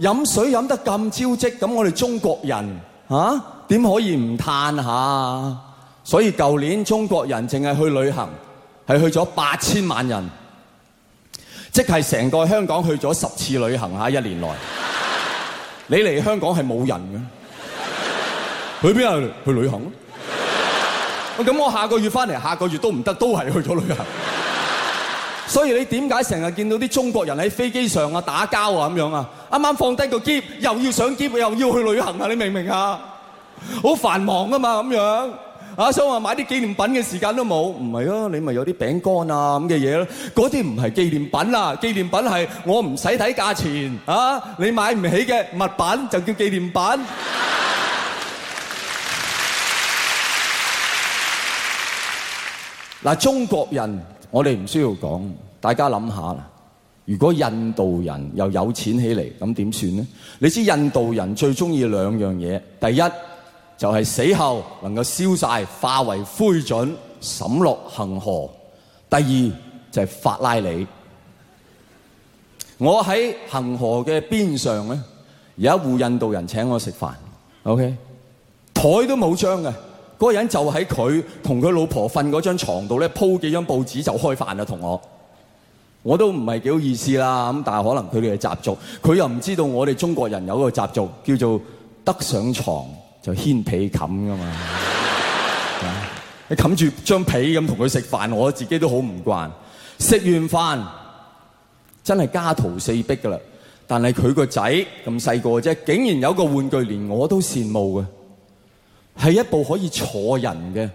A: 飲水飲得咁焦積，咁我哋中國人啊，點可以唔嘆下啊？所以舊年中國人淨係去旅行，係去咗八千萬人，即係成個香港去咗十次旅行嚇一年來。你嚟香港係冇人嘅，去邊度去旅行？咁我下個月翻嚟，下個月都唔得，都係去咗旅行。所以你點解成日見到啲中國人喺飛機上啊打交啊咁樣啊？啱啱放低個篋，又要上篋，又要去旅行啊？你明唔明啊？好繁忙啊嘛咁樣啊，所以想話買啲紀念品嘅時間都冇。唔係啊，你咪有啲餅乾啊咁嘅嘢咯。嗰啲唔係紀念品啊，紀念品係我唔使睇價錢啊，你買唔起嘅物品就叫紀念品。嗱，中國人我哋唔需要講，大家諗下啦。如果印度人又有錢起嚟，咁點算呢？你知印度人最中意兩樣嘢，第一就係、是、死後能夠燒晒，化為灰燼，沈落恒河；第二就係、是、法拉利。我喺恒河嘅邊上咧，有一戶印度人請我食飯，OK，台都冇張嘅。嗰個人就喺佢同佢老婆瞓嗰張床度咧，鋪幾張報紙就開飯啦，同我，我都唔係幾好意思啦咁。但係可能佢哋嘅習俗，佢又唔知道我哋中國人有個習俗叫做得上床就掀被冚噶嘛。 你冚住張被咁同佢食飯，我自己都好唔慣。食完飯真係家徒四壁噶啦，但係佢個仔咁細個啫，竟然有個玩具連我都羨慕嘅。係一部可以坐人嘅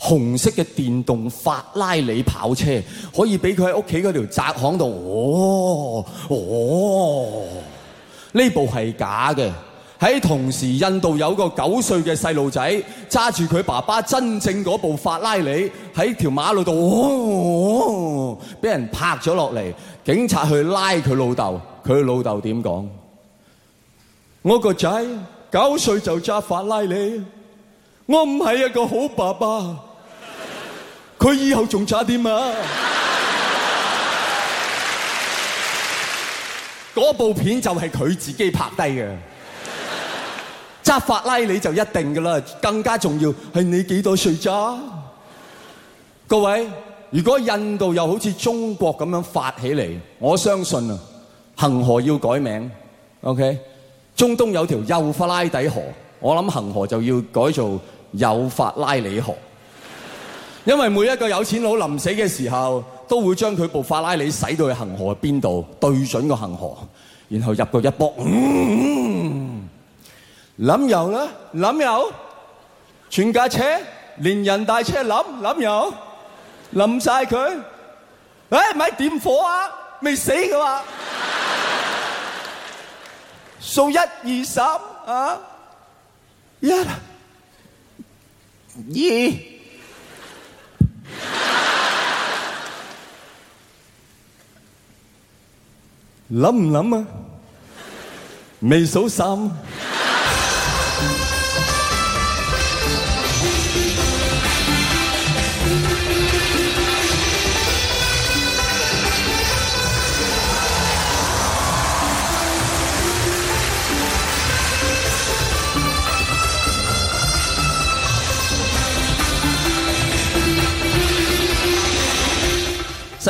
A: 紅色嘅電動法拉利跑車，可以俾佢喺屋企嗰條窄巷度。哦哦，呢部係假嘅。喺同時，印度有個九歲嘅細路仔揸住佢爸爸真正嗰部法拉利喺條馬路度，哦，哦，俾人拍咗落嚟，警察去拉佢老豆。佢老豆點講？我個仔九歲就揸法拉利。我唔係一個好爸爸，佢以後仲差點啊！嗰部片就係佢自己拍低嘅，揸法拉利就一定噶啦。更加重要係你幾多歲咋？各位，如果印度又好似中國咁樣發起嚟，我相信啊，恆河要改名。O K，中東有條幼發拉底河，我諗恆河就要改做。有法拉利河，因為每一個有錢佬臨死嘅時候，都會將佢部法拉利駛到去恒河邊度，對準個恒河，然後入個一波，嗯，冧油啦，冧油，全架車連人帶車冧，冧油，冧晒佢，誒，咪點火啊，未死噶話，數一二三啊，一。咦，諗唔諗啊？未數三。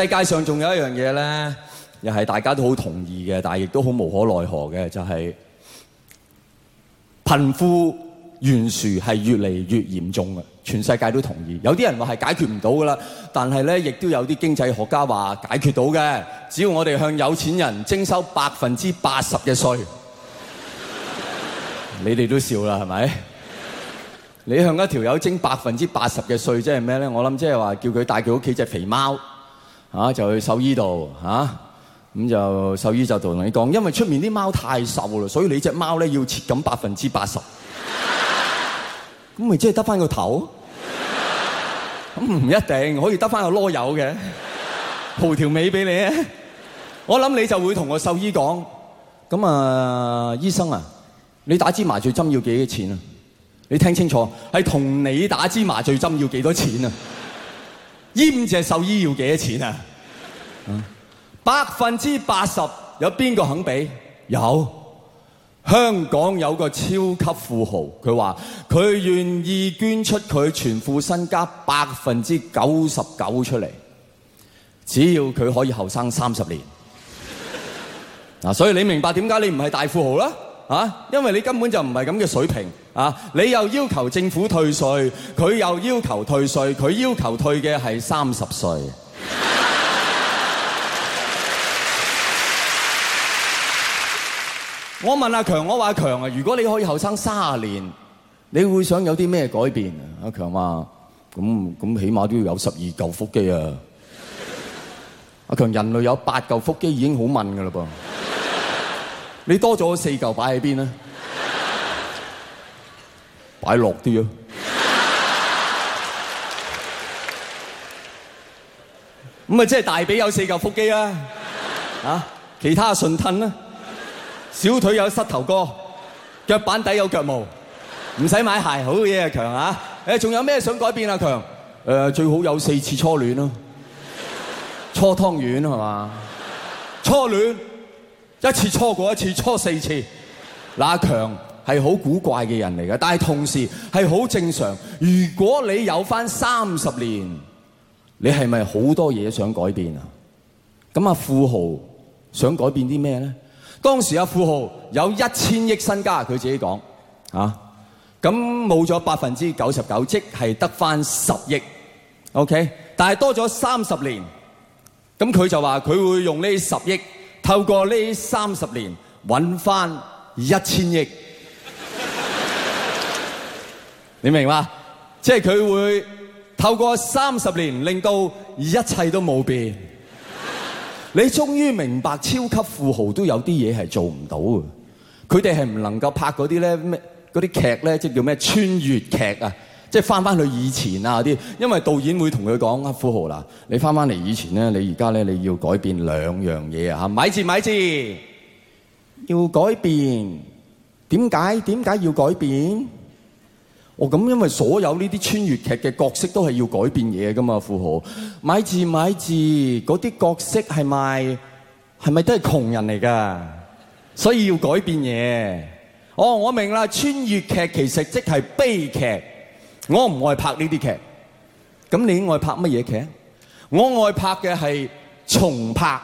A: 世界上仲有一樣嘢呢，又係大家都好同意嘅，但係亦都好無可奈何嘅，就係、是、貧富懸殊係越嚟越嚴重啊！全世界都同意，有啲人話係解決唔到噶啦，但係呢，亦都有啲經濟學家話解決到嘅，只要我哋向有錢人徵收百分之八十嘅稅，的 你哋都笑啦，係咪？你向一條友徵百分之八十嘅稅，即係咩呢？我諗即係話叫佢帶佢屋企隻肥貓。啊、就去獸醫度咁、啊、就獸醫就同你講，因為出面啲貓太瘦啦，所以你隻貓咧要切緊百分之八十。咁咪即係得翻個頭？咁唔 一定，可以得翻個籮柚嘅，蒲條尾俾你啊！我諗你就會同個獸醫講，咁啊，醫生啊，你打支麻醉針要幾多錢啊？你聽清楚，係同你打支麻醉針要幾多錢啊？捐隻獸醫要幾多錢啊？百分之八十有邊個肯俾？有，有香港有個超級富豪，佢話佢願意捐出佢全副身家百分之九十九出嚟，只要佢可以後生三十年。嗱， 所以你明白點解你唔係大富豪啦？啊，因為你根本就唔係咁嘅水平。啊！你又要求政府退稅，佢又要求退稅，佢要求退嘅係三十歲。我問阿強，我話阿強啊，如果你可以後生三十年，你會想有啲咩改變？阿強話：咁咁起碼都要有十二嚿腹肌啊！阿強，人類有八嚿腹肌已經好問㗎嘞噃，你多咗四嚿擺喺邊啊？擺落啲咯，咁啊，即係大髀有四嚿腹肌啦，啊，啊，其他順褪啦，小腿有膝頭哥，腳板底有腳毛，唔使買鞋，好嘢啊強啊！誒、啊，仲、啊、有咩想改變阿、啊、強？誒、啊，最好有四次初戀咯、啊，初湯圓湯丸係嘛，初戀一次初過一次初四次，嗱、啊、強。強係好古怪嘅人嚟嘅，但係同時係好正常。如果你有翻三十年，你係咪好多嘢想改變啊？咁啊，富豪想改變啲咩呢？當時阿富豪有一千億身家，佢自己講啊，咁冇咗百分之九十九，即係得翻十億。OK，但係多咗三十年，咁佢就話佢會用呢十億透過呢三十年搵翻一千億。你明嘛？即係佢會透過三十年，令到一切都冇變。你終於明白超級富豪都有啲嘢係做唔到嘅。佢哋係唔能夠拍嗰啲咧咩嗰啲劇咧，即叫咩穿越劇啊，即係翻翻去以前啊啲。因為導演會同佢講：富豪嗱，你翻翻嚟以前咧，你而家咧你要改變兩樣嘢啊！吓，咪住咪住，要改變。點解？點解要改變？哦，咁因為所有呢啲穿越劇嘅角色都係要改變嘢噶嘛，富豪買字買字嗰啲角色係咪係咪都係窮人嚟噶？所以要改變嘢。哦，我明啦，穿越劇其實即係悲劇。我唔愛拍呢啲劇。咁你愛拍乜嘢劇？我愛拍嘅係重拍，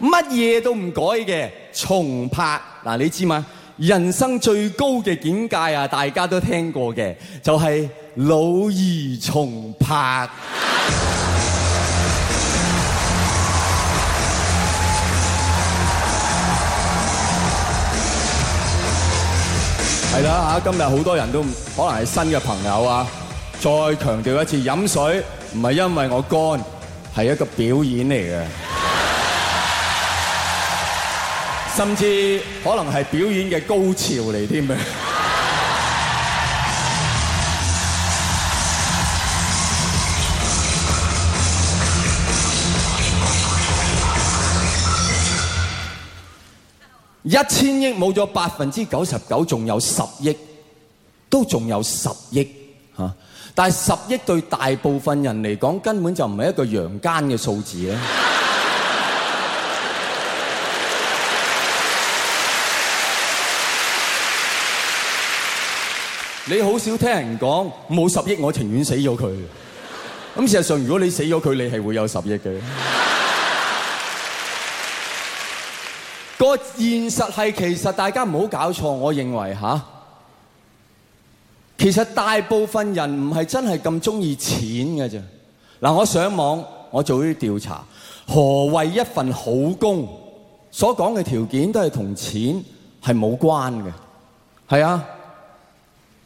A: 乜嘢都唔改嘅重拍。嗱，你知嘛？人生最高嘅境界啊，大家都聽過嘅，就係老而重拍。係啦嚇，今日好多人都可能係新嘅朋友啊。再強調一次，飲水唔係因為我乾，係一個表演嚟嘅。甚至可能係表演嘅高潮嚟添嘅，一千億冇咗百分之九十九，仲有十億，都仲有十億吓。但係十億對大部分人嚟講，根本就唔係一個陽間嘅數字咧。你好少聽人講冇十億，我情願死咗佢。咁事實上，如果你死咗佢，你係會有十億嘅。 個現實係其實大家唔好搞錯，我認為嚇、啊，其實大部分人唔係真係咁中意錢㗎啫。嗱，我上網我做啲調查，何謂一份好工？所講嘅條件都係同錢係冇關嘅，係啊。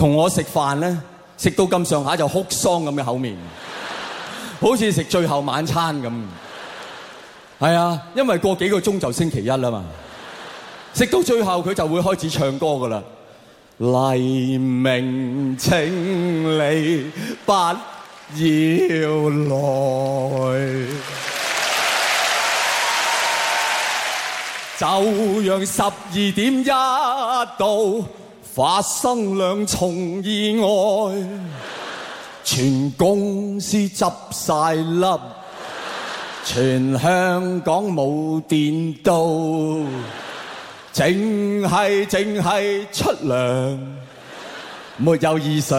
A: 同我食飯咧，食到咁上下就哭喪咁嘅口面，好似食最後晚餐咁。係啊，因為過幾個鐘就星期一啦嘛。食到最後佢就會開始唱歌㗎喇，《黎明請你不要來》，就讓十二點一到。發生兩重意外，全公司執晒笠，全香港冇電到，淨係淨係出糧，沒有異常。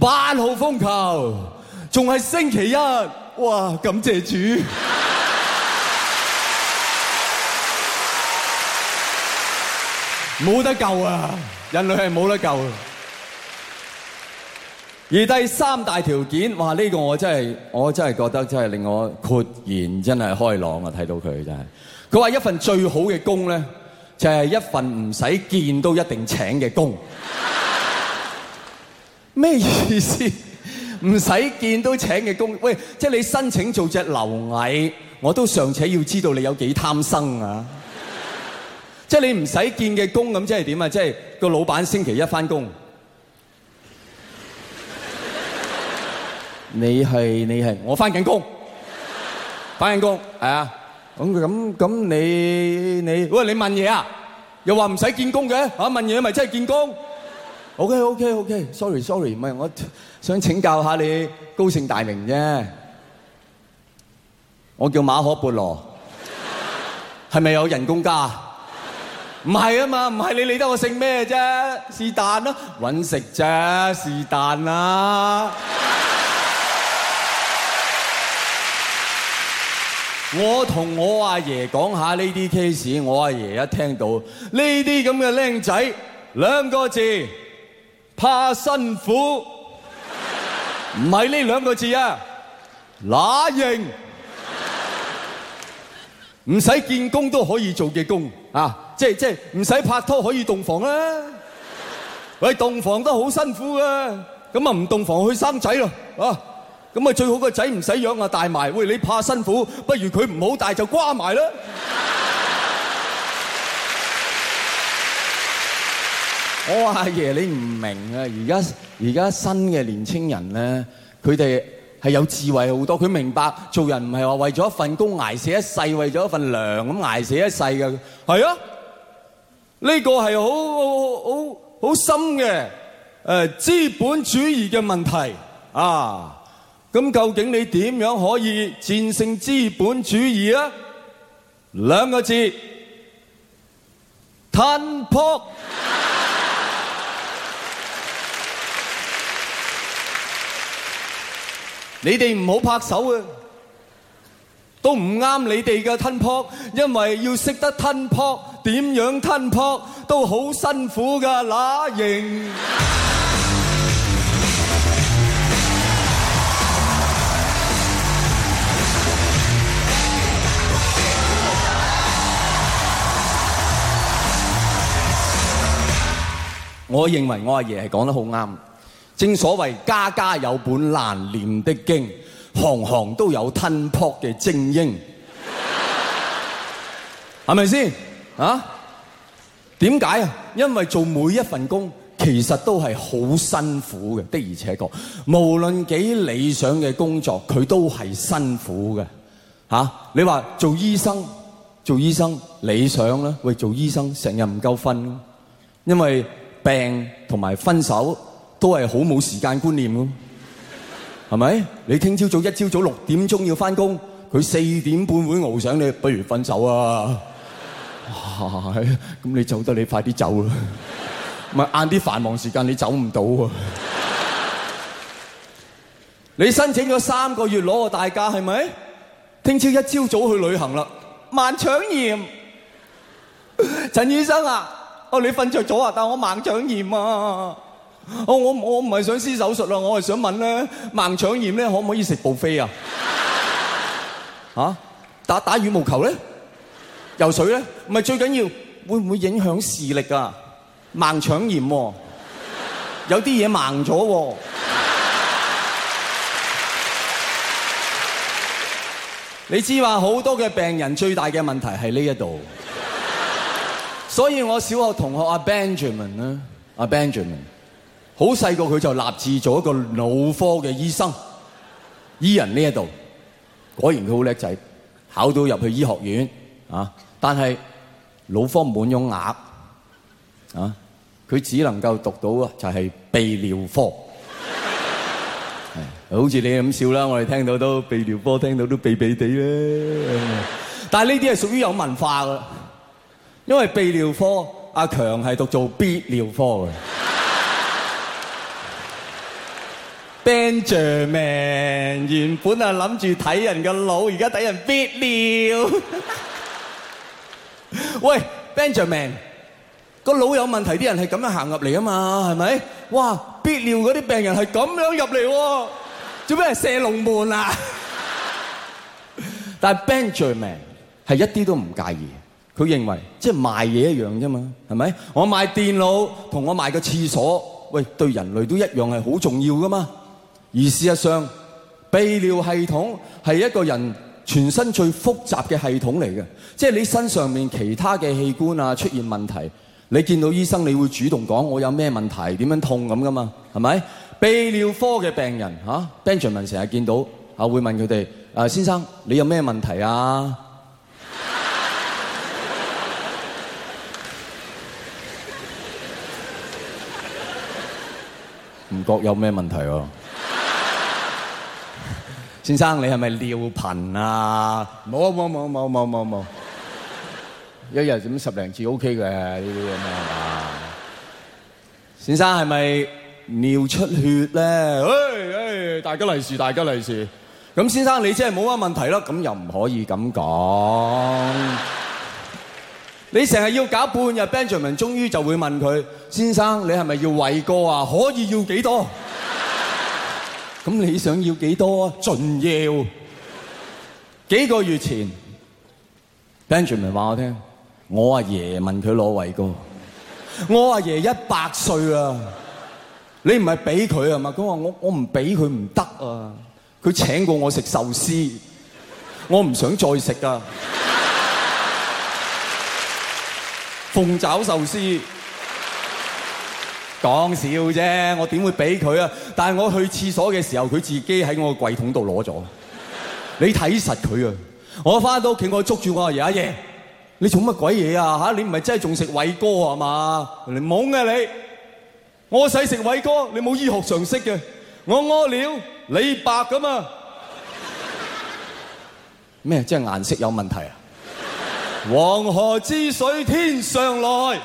A: 八號風球，仲係星期一，哇！感謝主，冇得救啊！人類係冇得救。而第三大條件，哇！呢個我真係，我真係覺得真係令我豁然，真係開朗啊！睇到佢真係，佢話一份最好嘅工咧，就係一份唔使見都一定請嘅工。咩意思？唔使見都請嘅工，喂，即係你申請做隻螻蟻，我都尚且要知道你有幾貪生啊！即係你唔使見嘅工，咁即係點啊？即係個老闆星期一返工，你係你係，我返緊工，返緊工，係啊！咁咁咁，你你，喂，你問嘢啊？又話唔使見工嘅，吓問嘢咪真係見工？OK OK OK，sorry sorry，唔係我想請教下你高姓大名啫。我叫馬可波羅，係咪有人工加？唔係啊嘛，唔係你理得我姓咩啫，是但咯，揾食啫，是但啊。我同我阿爺講下呢啲 case，我阿爺一聽到呢啲咁嘅靚仔兩個字。怕辛苦，唔係呢兩個字啊，乸型，唔使見工都可以做嘅工啊，即係即係唔使拍拖可以洞房啦。喂，洞房都好辛苦啊，咁啊唔洞房去生仔咯，啊，咁啊最好個仔唔使養啊大埋。喂，你怕辛苦，不如佢唔好大就瓜埋啦。我話阿爺，你唔明啊！而家而家新嘅年青人咧，佢哋係有智慧好多。佢明白做人唔係話為咗一份工捱死一世，為咗一份糧咁捱死一世嘅。係啊，呢個係好好好深嘅誒資本主義嘅問題啊！咁究竟你點樣可以戰勝資本主義啊？兩個字：吞撲。你哋唔好拍手啊！都唔啱你哋嘅吞撲，因為要識得吞撲，點樣吞撲都好辛苦㗎。乸型，我認為我阿爺係講得好啱。正所謂家家有本難唸的經，行行都有吞撲嘅精英，係咪先啊？點解啊？因為做每一份工，其實都係好辛苦嘅，的而且確。無論幾理想嘅工作，佢都係辛苦嘅。嚇，你話做醫生，做醫生理想啦，喂，做醫生成日唔夠瞓，因為病同埋分手。都係好冇時間觀念咯，係咪？你聽朝早一朝早六點鐘要翻工，佢四點半會熬醒你，不如分手啊！咁你走得你快啲走啊，咪晏啲繁忙時間你走唔到啊。你申請咗三個月攞個大假係咪？聽朝一朝早去旅行啦，盲腸炎！陳醫生啊，哦你瞓著咗啊，但我盲腸炎啊！我我我唔係想施手術啦，我係想問咧，盲腸炎咧可唔可以食 buffet 啊？嚇，打打羽毛球咧，游水咧，咪最緊要會唔會影響視力啊？盲腸炎有啲嘢盲咗。你知話好多嘅病人最大嘅問題係呢一度，所以我小學同學阿 Benjamin 咧，阿 Benjamin。好細個佢就立志做一個腦科嘅醫生，醫人呢一度，果然佢好叻仔，考到入去醫學院啊！但係腦科滿擁額啊，佢只能夠讀到啊，就係泌尿科。係，好似你咁笑啦，我哋聽到都泌尿科聽到都鼻鼻地啦。但係呢啲係屬於有文化嘅，因為泌尿科阿強係讀做泌尿科嘅。Benjamin 原本啊諗住睇人個腦，而家睇人必尿。喂，Benjamin 個腦有問題，啲人係咁樣行入嚟啊嘛，係咪？哇，必尿嗰啲病人係咁樣入嚟，做咩射龍門啊？但係 Benjamin 係一啲都唔介意，佢認為即係賣嘢一樣啫嘛，係咪？我賣電腦同我賣個廁所，喂，對人類都一樣係好重要噶嘛。而事實上，泌尿系統係一個人全身最複雜嘅系統嚟嘅，即係你身上面其他嘅器官啊出現問題，你見到醫生，你會主動講我有咩問題，點樣痛噉㗎嘛？係咪？泌尿科嘅病人嚇、啊、Benjamin 成日見到啊，會問佢哋啊，先生你有咩問題啊？唔 覺有咩問題喎、啊？先生，你係咪尿頻啊？冇冇冇冇冇冇冇，一日咁十零次 OK 嘅呢啲啊！先生係咪尿出血咧？誒誒，大家利是，大家利是。咁先生你真係冇乜問題咯，咁又唔可以咁講。你成日要搞半日，Benjamin 終於就會問佢：先生，你係咪要偉哥啊？可以要幾多？咁你想要幾多啊？仲要幾個月前，Benjamin 話我聽，我阿爺問佢攞圍糕，我阿爺一百歲啊，你唔係俾佢啊嘛？佢話我我唔俾佢唔得啊！佢請過我食壽司，我唔想再食啊！鳳爪壽司。講笑啫，我點會俾佢啊？但係我去廁所嘅時候，佢自己喺我櫃桶度攞咗。你睇實佢啊！我翻到屋企，我捉住我阿爺，阿爺，你做乜鬼嘢啊？吓！你唔係真係仲食偉哥啊嘛？你懵啊你！我使食偉哥，你冇醫學常識嘅。我屙尿，你白㗎嘛？咩？ 真係顏色有問題啊？ 黃河之水天上來。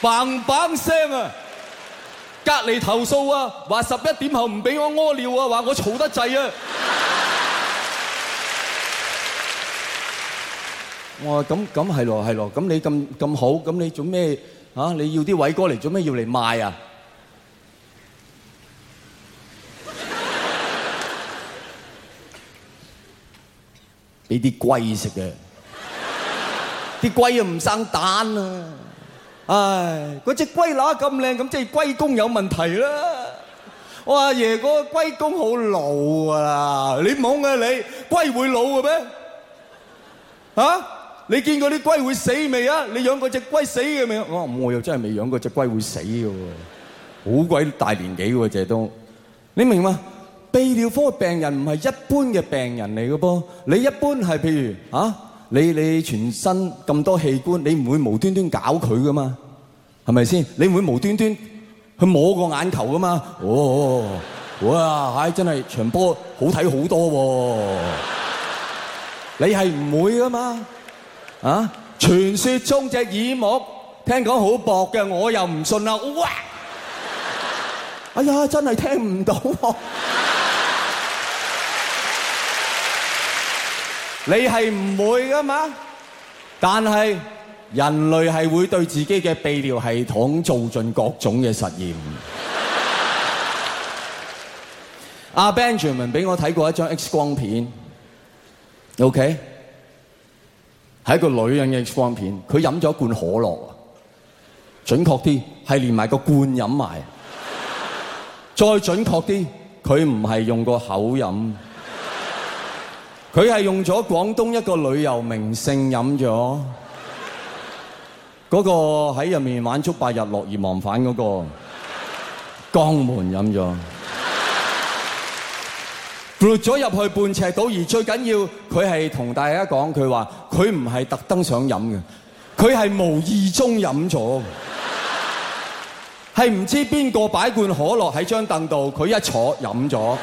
A: 砰砰聲啊！隔離投訴啊，話十一點後唔俾我屙尿啊，話我嘈得滯啊！我話咁，咁係咯係咯，咁你咁咁好，咁你做咩啊？你要啲偉哥嚟做咩？要嚟賣啊？俾啲龜食啊，啲龜又唔生蛋啊！唉，嗰隻龜乸咁靚，咁即係龜公有問題啦！我阿爺個龜公好老啊，你懵啊你？龜會老嘅、啊、咩？嚇、啊？你見過啲龜會死未啊？你養過隻龜死嘅未？我我又真係未養過隻龜會死嘅喎，好鬼大年紀喎，即係都你明嘛？泌尿科嘅病人唔係一般嘅病人嚟嘅噃，你一般係譬如嚇？啊你你全身咁多器官，你唔會無端端搞佢噶嘛？係咪先？你唔會無端端去摸個眼球噶嘛？哦！哇！唉，真係場波好睇好多喎！你係唔會噶嘛？啊！傳説中隻耳膜聽講好薄嘅，我又唔信啦！哇！哎呀，真係聽唔到喎！你係唔會噶嘛？但係人類係會對自己嘅泌尿系統做盡各種嘅實驗的。阿、 啊、Benjamin 俾我睇過一張 X 光片，OK？係一個女人嘅 X 光片，佢飲咗罐可樂。準確啲係連埋個罐飲埋。再準確啲，佢唔係用個口飲。佢係用咗廣東一個旅遊名勝飲咗，嗰個喺入面玩足八日樂而忘返嗰個江門飲咗，撥咗入去半尺島，而最緊要佢係同大家講，佢話佢唔係特登想飲嘅，佢係無意中飲咗，係唔知邊個擺罐可樂喺張凳度，佢一坐飲咗。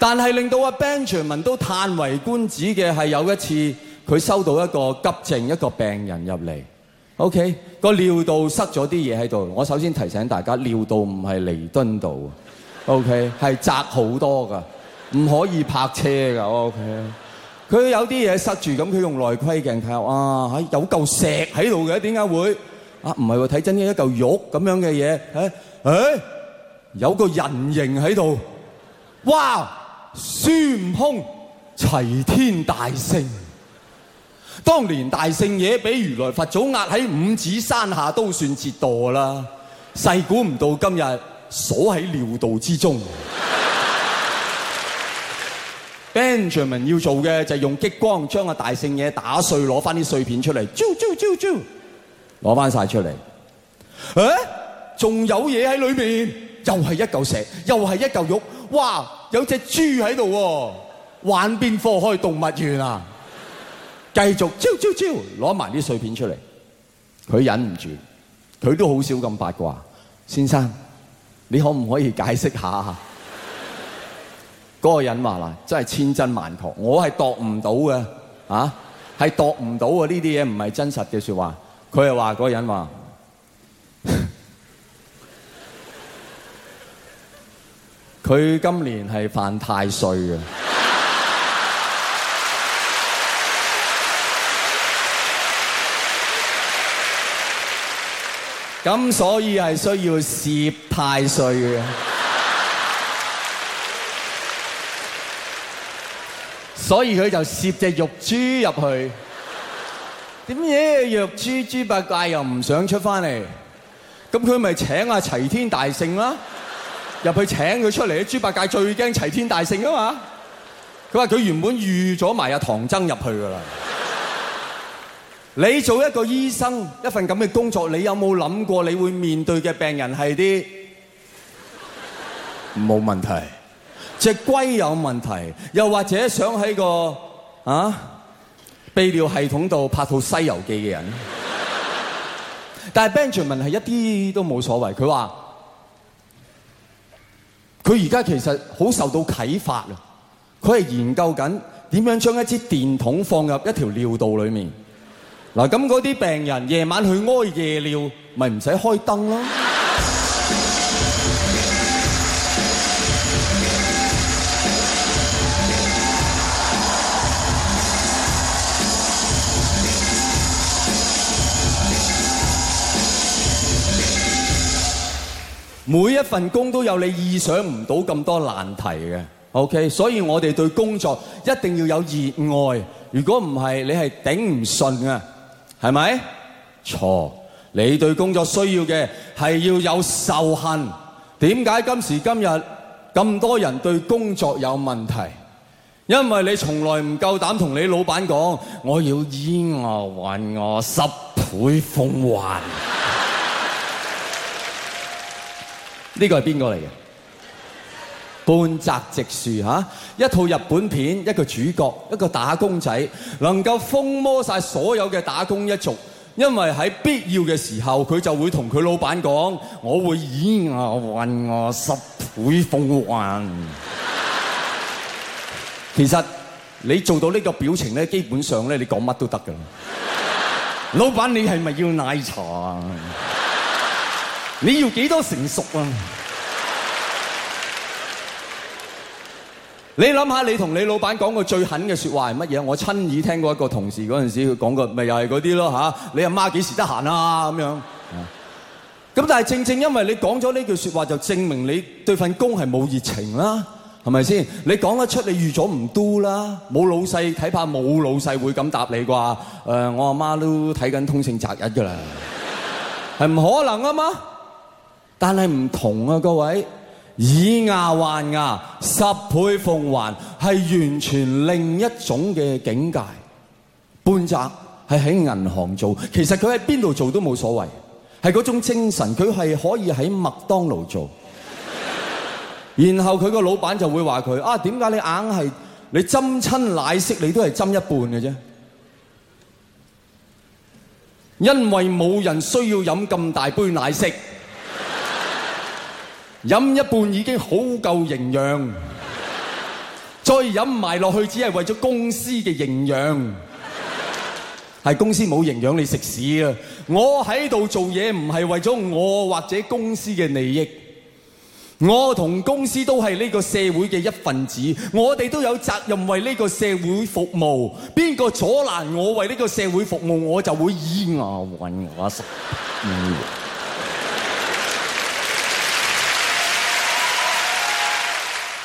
A: 但係令到阿 Benjamin 都嘆為觀止嘅係有一次，佢收到一個急症，一個病人入嚟。OK，個尿道塞咗啲嘢喺度。我首先提醒大家，尿道唔係彌敦道，OK，係窄好多噶，唔可以泊車噶。OK，佢有啲嘢塞住，咁佢用內窺鏡睇下，啊喺、哎、有嚿石喺度嘅，點解會？啊，唔係喎，睇真係一嚿肉咁樣嘅嘢，誒、哎、誒、哎，有個人形喺度，哇！孫悟空齊天大聖，當年大聖嘢俾如來佛祖壓喺五指山下都算折墮啦，細估唔到今日鎖喺尿道之中。 Benjamin 要做嘅就係用激光將個大聖嘢打碎，攞翻啲碎片出嚟，啾啾啾啾，攞翻晒出嚟。誒，仲有嘢喺裏面，又係一嚿石，又係一嚿肉，哇！有隻豬喺度喎，玩邊科開動物園啊？繼續，招招招，攞埋啲碎片出嚟。佢忍唔住，佢都好少咁八卦。先生，你可唔可以解釋下？嗰 個人話啦，真係千真萬確，我係度唔到嘅，啊，係度唔到啊！呢啲嘢唔係真實嘅説話。佢係話：嗰、那個人話。佢今年係犯太歲嘅，咁所以係需要攝太歲嘅，所以佢就攝隻玉豬入去。點嘢？玉豬豬八戒又唔想出翻嚟，咁佢咪請阿齊天大聖啦。入去請佢出嚟，豬八戒最驚齊天大聖啊嘛！佢話佢原本預咗埋阿唐僧入去噶啦。你做一個醫生，一份咁嘅工作，你有冇諗過你會面對嘅病人係啲冇問題，隻龜有問題，又或者想喺個啊泌尿系統度拍套《西遊記》嘅人？但係 Benjamin 係一啲都冇所謂，佢話。佢而家其實好受到啟發啊！佢係研究緊點樣將一支電筒放入一條尿道裏面。嗱，咁嗰啲病人夜晚去屙夜尿，咪唔使開燈咯。每一份工都有你意想唔到咁多難題嘅，OK。所以我哋對工作一定要有熱愛。如果唔係，你係頂唔順啊？係咪？錯。你對工作需要嘅係要有仇恨。點解今時今日咁多人對工作有問題？因為你從來唔夠膽同你老闆講，我要依我還我十倍奉還。呢個係邊個嚟嘅？半澤直樹嚇、啊，一套日本片，一個主角，一個打工仔，能夠風靡晒所有嘅打工一族。因為喺必要嘅時候，佢就會同佢老闆講：我會以牙還牙，十倍奉還。 其實你做到呢個表情呢，基本上咧，你講乜都得㗎。 老闆，你係咪要奶茶啊？你要幾多成熟啊？你諗下，你同你老闆講過最狠嘅説話係乜嘢？我親耳聽過一個同事嗰陣時，佢講過，咪又係嗰啲咯嚇。你阿媽幾時得閒啊？咁樣。咁但係正正因為你講咗呢句説話，就證明你對份工係冇熱情啦，係咪先？你講得出，你預咗唔做啦。冇老細，睇怕冇老細會咁答你啩？誒，我阿媽都睇緊通勝擇日㗎啦，係唔可能啊嘛？但係唔同啊，各位。以牙還牙，十倍奉還，係完全另一種嘅境界。半澤係喺銀行做，其實佢喺邊度做都冇所謂，係嗰種精神，佢係可以喺麥當勞做。 然後佢個老闆就會話佢：啊，點解你硬係你斟親奶昔，你都係斟一半嘅啫？因為冇人需要飲咁大杯奶昔。飲一半已經好夠營養，再飲埋落去只係為咗公司嘅營養，係公司冇營養你食屎啊！我喺度做嘢唔係為咗我或者公司嘅利益，我同公司都係呢個社會嘅一份子，我哋都有責任為呢個社會服務。邊個阻攔我為呢個社會服務，我就會以牙還牙。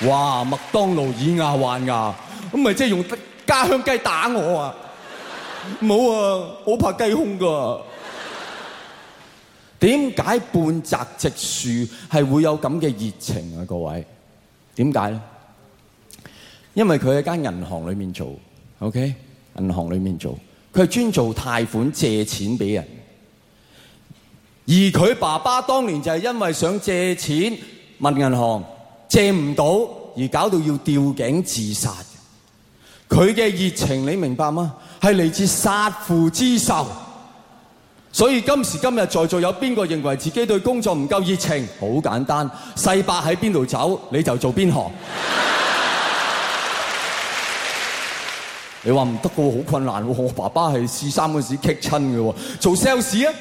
A: 哇！麥當勞以牙、啊、還牙、啊，咁咪即係用家鄉雞打我啊？冇 啊，我怕雞胸噶、啊。點解 半澤直樹係會有咁嘅熱情啊？各位，點解？因為佢喺間銀行裏面做，OK？銀行裏面做，佢係專做貸款借錢俾人。而佢爸爸當年就係因為想借錢問銀行。借唔到而搞到要吊頸自殺，佢嘅熱情你明白嗎？係嚟自殺父之仇所以今時今日在座有邊個認為自己對工作唔夠熱情？好簡單，細伯喺邊度走你就做邊行，你行。你話唔得個，好困難。我爸爸係試衫嗰陣時棘親嘅。做 sales 啊？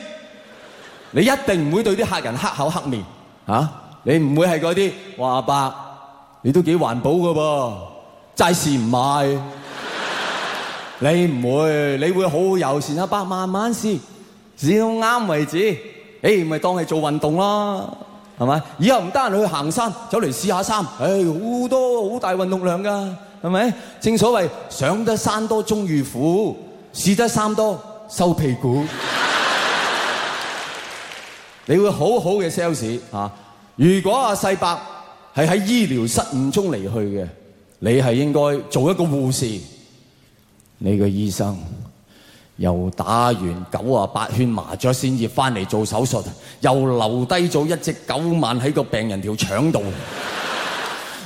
A: 你一定唔會對啲客人黑口黑面，吓、啊？你唔會係嗰啲話阿伯，你都幾環保噶噃，齋試唔買， 你唔會，你會好友善阿伯，慢慢試，試到啱為止。唔、欸、咪當係做運動咯，係咪？以後唔得閒去行山，走嚟試下衫。誒、欸，好多好大運動量噶，係咪？正所謂上得山多終遇虎，試得衫多收屁股。 你會好好嘅 sales。如果阿世伯係喺醫療失誤中離去嘅，你係應該做一個護士。你個醫生又打完九啊八圈麻雀先至翻嚟做手術，又留低咗一隻九萬喺個病人條腸度，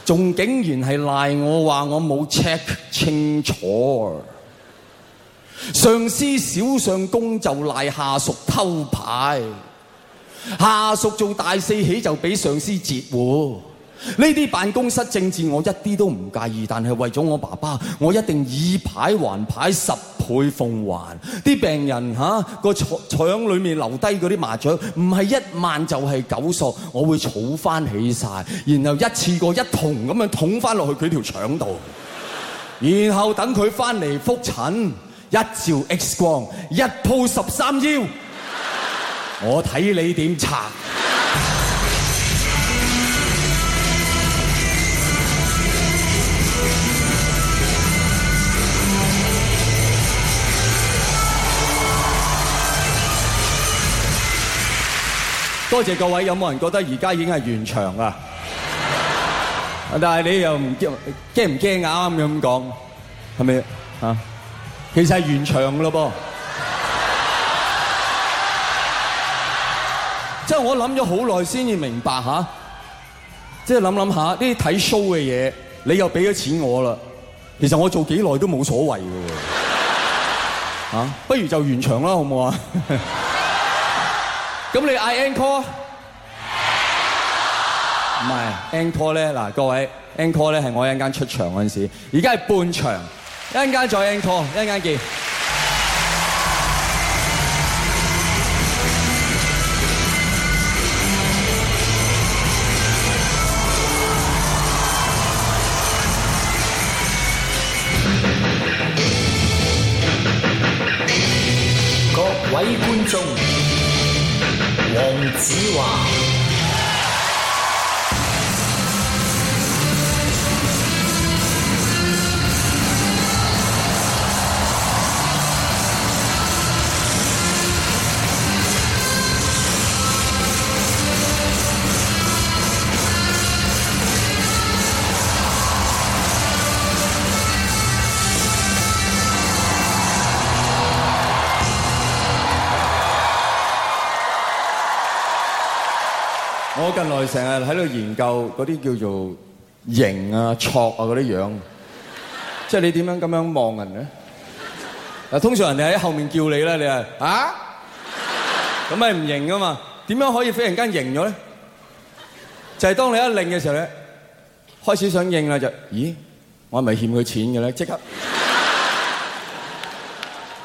A: 仲 竟然係賴我話我冇 check 清楚。上司小相公就賴下屬偷牌。下屬做大四喜就俾上司截喎、啊。呢啲辦公室政治我一啲都唔介意，但係為咗我爸爸，我一定以牌還牌十倍奉還。啲病人嚇個、啊、腸裏面留低嗰啲麻將，唔係一萬就係九索，我會儲翻起晒，然後一次過一桶咁樣捅翻落去佢條腸度， 然後等佢翻嚟覆診，一照 X 光，一鋪十三幺。我睇你點查？多謝各位，有冇人覺得而家已經係完場喇 怕怕啊？但係你又唔驚，驚唔驚啊？啱咁講係咪啊？其實係完場㗎咯噃。即係我諗咗好耐先至明白吓，即係諗諗下呢啲睇 show 嘅嘢，你又俾咗錢我啦，其實我做幾耐都冇所謂嘅喎、 啊，不如就完場啦，好唔好啊？咁 你嗌 encore 唔係 encore 咧，嗱，各位 encore 咧係我一陣間出場嗰陣時候，而家係半場，一陣間再 encore，一陣間見。各位觀眾，黃子華。近來成日喺度研究嗰啲叫做型啊、挫啊嗰啲樣，即係你點樣咁樣望人咧？嗱，通常人哋喺後面叫你咧，你係啊？咁咪唔型噶嘛？點樣可以忽然間型咗咧？就係當你一擰嘅時候咧，開始想型啦就，咦？我係咪欠佢錢嘅咧？即刻！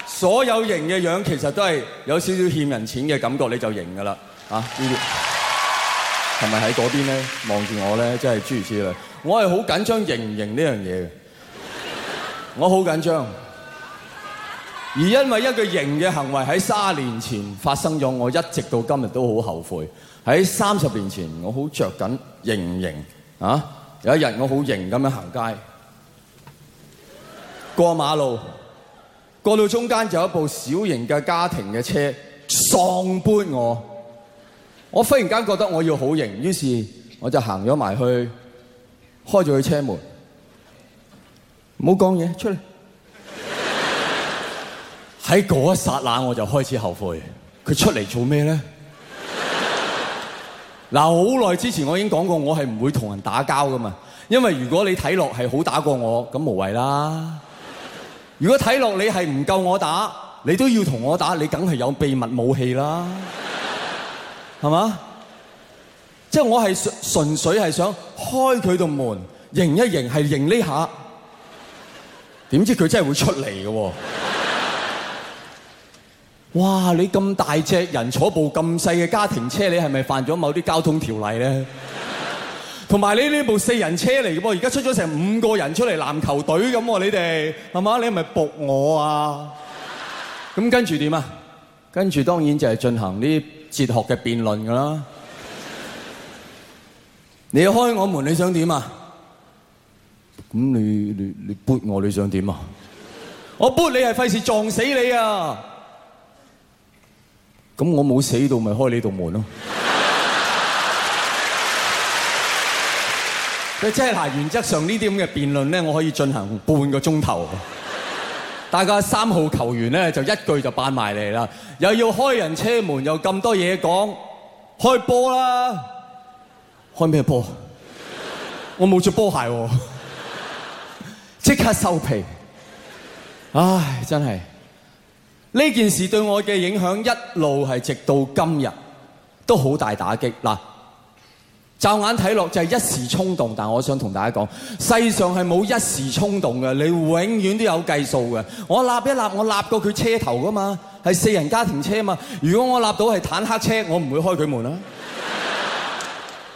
A: 所有型嘅樣其實都係有少少欠人錢嘅感覺，你就型噶啦嚇呢啲。係咪喺嗰邊咧？望住我咧，真係諸如此類。我係好緊張，型唔型呢樣嘢嘅？我好緊張。而因為一個型嘅行為喺三十年前發生咗，我一直到今日都好後悔。喺三十年前，我好着緊型唔型啊！有一日，我好型咁樣行街，過馬路，過到中間就有一部小型嘅家庭嘅車撞跛我。我忽然間覺得我要好型，於是我就行咗埋去，開咗佢車門，唔好講嘢，出嚟。喺嗰 一刹那，我就開始後悔。佢出嚟做咩呢？嗱， 好耐之前我已經講過，我係唔會同人打交㗎嘛。因為如果你睇落係好打過我，咁無謂啦。如果睇落你係唔夠我打，你都要同我打，你梗係有秘密武器啦。係嘛？即係我係純粹係想開佢度門，迎一迎係迎呢下。點知佢真係會出嚟嘅喎！哇！你咁大隻人坐部咁細嘅家庭車，你係咪犯咗某啲交通條例咧？同埋你呢部四人車嚟嘅噃，而家出咗成五個人出嚟，籃球隊咁、啊、喎！你哋係嘛？你係咪撲我啊？咁跟住點啊？跟住當然就係進行呢哲學嘅辯論㗎啦。你開我門，你想點啊？咁你你你撥我，你想點啊？我撥你係費事撞死你啊！咁我冇死到，咪開你道門咯。你即係嗱，原則上呢啲咁嘅辯論咧，我可以進行半個鐘頭。大家三號球員呢，就一句就扮埋嚟啦，又要開人車門，又咁多嘢講，開波啦，開咩波？ 我冇着波鞋喎、哦，即 刻收皮！唉，真係呢件事對我嘅影響一路係直到今日都好大打擊嗱。驟眼睇落就係一時衝動，但我想同大家講，世上係冇一時衝動嘅，你永遠都有計數嘅。我立一立，我立過佢車頭噶嘛，係四人家庭車啊嘛。如果我立到係坦克車，我唔會開佢門啦，啊。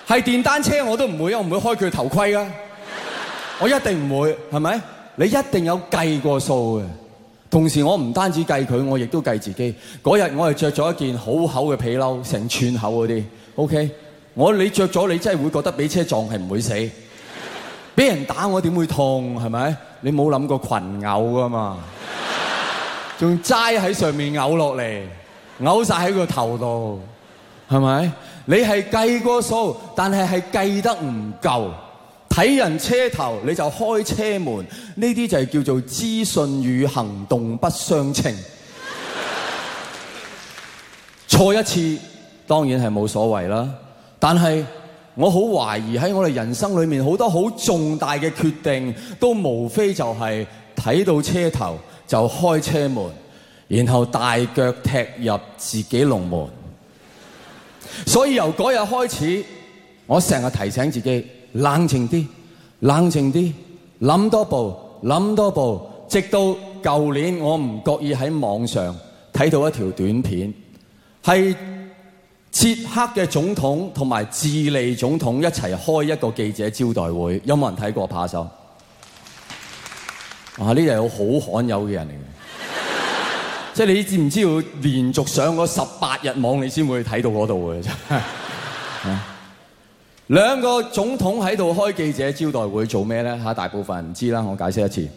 A: 係 電單車我都唔會，我唔會開佢頭盔啊。我一定唔會，係咪？你一定有計過數嘅。同時我唔單止計佢，我亦都計自己。嗰日我係着咗一件好厚嘅皮褸，成寸厚嗰啲。OK。我你着咗，你真係會覺得俾車撞係唔會死，俾人打我點會痛，係咪？你冇諗過群嘔噶嘛？仲齋喺上面嘔落嚟，嘔晒喺個頭度，係咪？你係計過數，但係係計得唔夠，睇人車頭你就開車門，呢啲就係叫做資訊與行動不相稱。錯一次當然係冇所謂啦。但係我好懷疑喺我哋人生裏面好多好重大嘅決定，都無非就係睇到車頭就開車門，然後大腳踢入自己龍門。所以由嗰日開始，我成日提醒自己冷靜啲，冷靜啲，諗多步，諗多步，直到舊年我唔覺意喺網上睇到一條短片，係。捷克嘅總統同埋智利總統一齊開一個記者招待會，有冇人睇過？扒手啊！呢度有好罕有嘅人嚟嘅， 即係你知唔知要連續上個十八日網，你先會睇到嗰度嘅真係。 兩個總統喺度開記者招待會做咩咧？嚇，大部分人唔知啦。我解釋一次。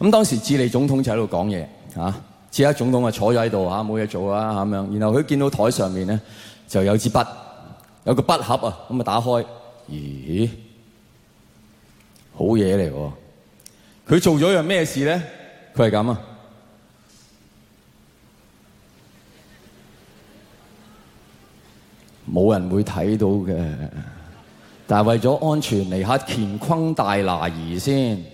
A: 咁當時智利總統就喺度講嘢嚇。啊即刻，總統啊坐咗喺度嚇，冇嘢做啊咁樣。然後佢見到台上面咧就有一支筆，有個筆盒啊，咁啊打開，咦，好嘢嚟喎！佢做咗樣咩事咧？佢係咁啊，冇人會睇到嘅。但係為咗安全，嚟刻乾坤大挪移先。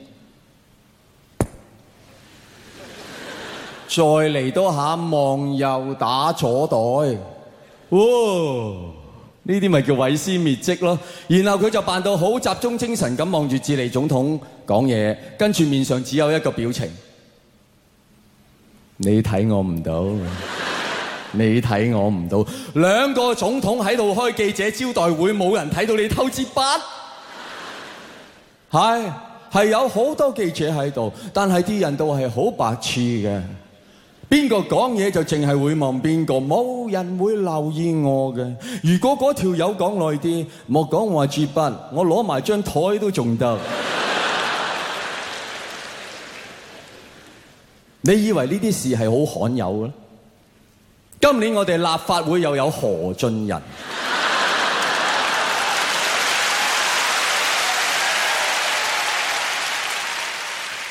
A: 再嚟多下望右打左袋，哇！呢啲咪叫毀屍滅跡咯。然後佢就扮到好集中精神咁望住智利總統講嘢，跟住面上只有一個表情。你睇我唔到，你睇我唔到。 兩個總統喺度開記者招待會，冇人睇到你偷支筆。係係 有好多記者喺度，但係啲人都係好白痴嘅。邊個講嘢就淨係會望邊個，冇人會留意我嘅。如果嗰條友講耐啲，莫講話絕筆，我攞埋張台都仲得。 你以為呢啲事係好罕有嘅？今年我哋立法會又有何俊仁。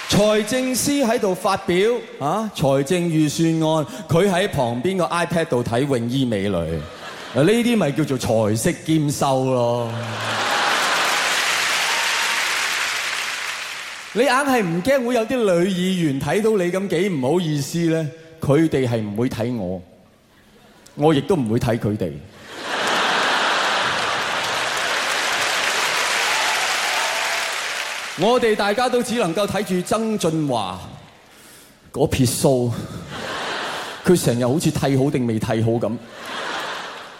A: 財政司喺度發表啊，財政預算案，佢喺旁邊個 iPad 度睇泳衣美女，嗱呢啲咪叫做財色兼收咯。 你硬係唔驚會有啲女議員睇到你咁幾唔好意思咧，佢哋係唔會睇我，我亦都唔會睇佢哋。我哋大家都只能夠睇住曾俊華嗰撇鬚，佢成日好似剃好定未剃好咁，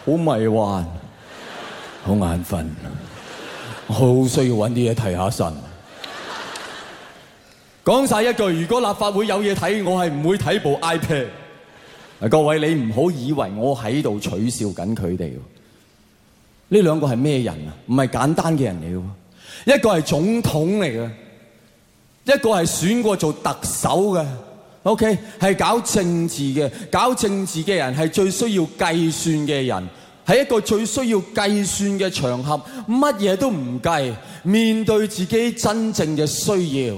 A: 好迷幻，好眼瞓，好需要揾啲嘢提下神。講晒一句，如果立法會有嘢睇，我係唔會睇部 iPad。各位，你唔好以為我喺度取笑緊佢哋。呢兩個係咩人啊？唔係簡單嘅人嚟嘅喎。一個係總統嚟嘅，一個係選過做特首嘅，OK，係搞政治嘅，搞政治嘅人係最需要計算嘅人，喺一個最需要計算嘅場合，乜嘢都唔計，面對自己真正嘅需要，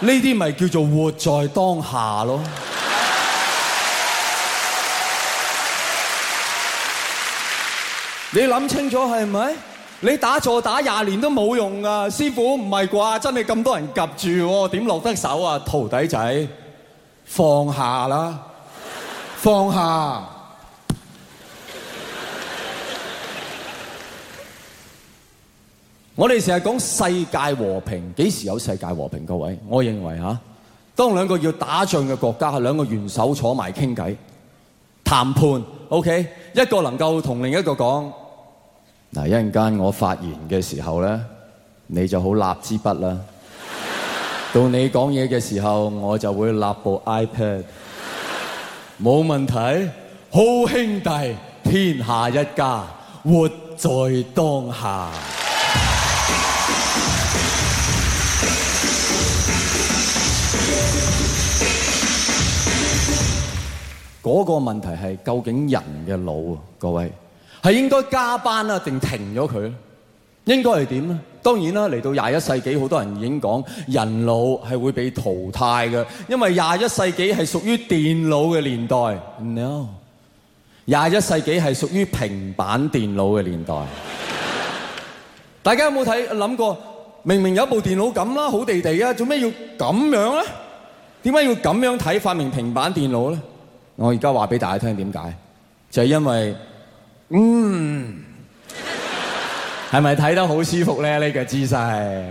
A: 呢啲咪叫做活在當下咯？你諗清楚係咪？你打錯打廿年都冇用啊！師傅唔係啩？真係咁多人夾住喎，點落得手啊？徒弟仔放下啦，放下！ 我哋成日講世界和平，幾時有世界和平？各位，我認為吓，當兩個要打仗嘅國家係兩個元首坐埋傾偈談判，OK，一個能夠同另一個講。嗱，一陣間我發言嘅時候咧，你就好立支筆啦。 到你講嘢嘅時候，我就會立部 iPad。冇 問題，好兄弟，天下一家，活在當下。嗰 個問題係究竟人嘅腦啊，各位。係應該加班啊，定停咗佢咧？應該係點咧？當然啦，嚟到廿一世紀，好多人已經講人腦係會被淘汰嘅，因為廿一世紀係屬於電腦嘅年代。No，廿一世紀係屬於平板電腦嘅年代。 大家有冇睇諗過？明明有一部電腦咁啦，好地地啊，做咩要咁樣咧？點解要咁樣睇發明平板電腦咧？我而家話俾大家聽點解，就係因為。嗯，係咪睇得好舒服呢？呢個姿勢，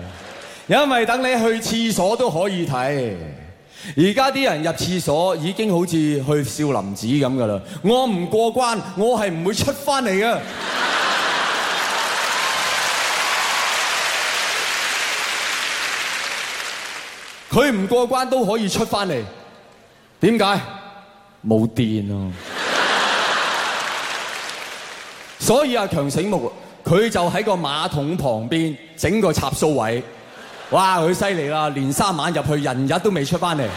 A: 因為等你去廁所都可以睇。而家啲人入廁所已經好似去少林寺咁噶啦。我唔過關，我係唔會出翻嚟噶。佢唔 過關都可以出翻嚟，點解？冇電咯。所以阿強醒目，佢就喺個馬桶旁邊整個插蘇位，哇佢犀利啦！連三晚入去，人日都未出翻嚟。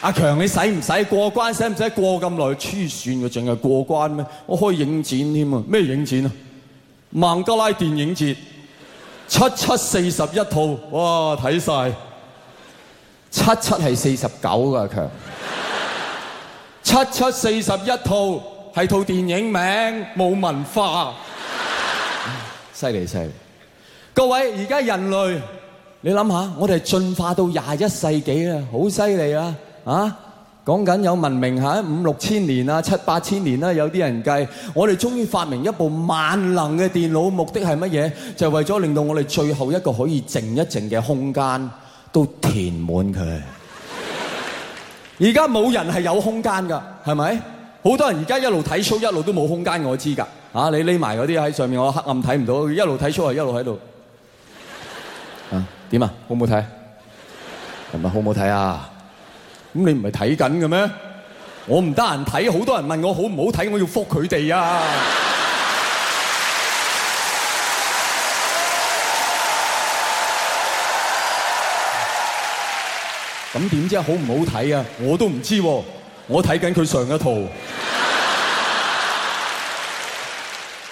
A: 阿強，你使唔使過關？使唔使過咁耐？黐線嘅淨係過關咩？我可以影展添啊！咩影展啊？孟加拉電影節，七七四十一套，哇，睇晒，七七係四十九噶，阿強。七七四十一套係套電影名，冇文化，犀利犀利！各位而家人類，你諗下，我哋進化到廿一世紀啦，好犀利啦啊！講緊有文明吓，五六千年啊，七八千年啦，有啲人計，我哋終於發明一部萬能嘅電腦，目的係乜嘢？就係為咗令到我哋最後一個可以靜一靜嘅空間都填滿佢。而家冇人係有空間㗎，係咪？好多人而家一路睇 show，一路都冇空間，我知㗎。啊，你匿埋嗰啲喺上面，我黑暗睇唔到，一路睇 show 係一路喺度。啊，點啊？好唔好睇？係咪好唔好睇啊？咁你唔係睇緊嘅咩？我唔得閒睇，好多人問我好唔好睇，我要覆佢哋啊！咁點知道好唔好睇呀，啊？我都唔知喎，啊，我睇緊佢上一套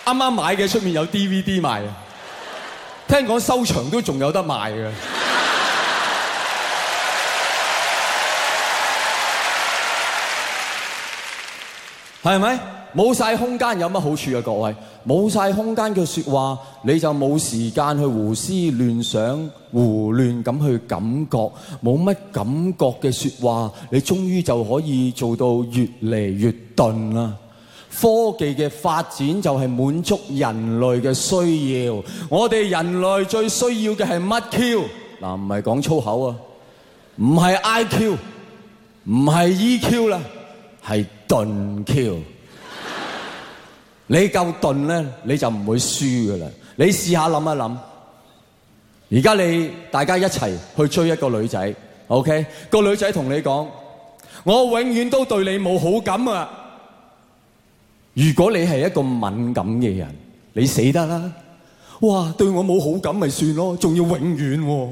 A: 剛剛，啱啱買嘅出面有 DVD 賣，聽講收場都仲有得賣嘅，係咪？冇曬空間有乜好處啊？各位，冇曬空間嘅説話，你就冇時間去胡思亂想、胡亂咁去感覺，冇乜感覺嘅説話，你終於就可以做到越嚟越頓啦。科技嘅發展就係滿足人類嘅需要。我哋人類最需要嘅係乜 Q？嗱，唔係講粗口啊，唔係 IQ，唔係 EQ 啦，係頓 Q。你夠鈍咧，你就唔會輸㗎喇。你試下諗一諗，而家你大家一齊去追一個女仔，OK？個女仔同你講：我永遠都對你冇好感啊！如果你係一個敏感嘅人，你死得啦！哇，對我冇好感咪算咯，仲要永遠喎！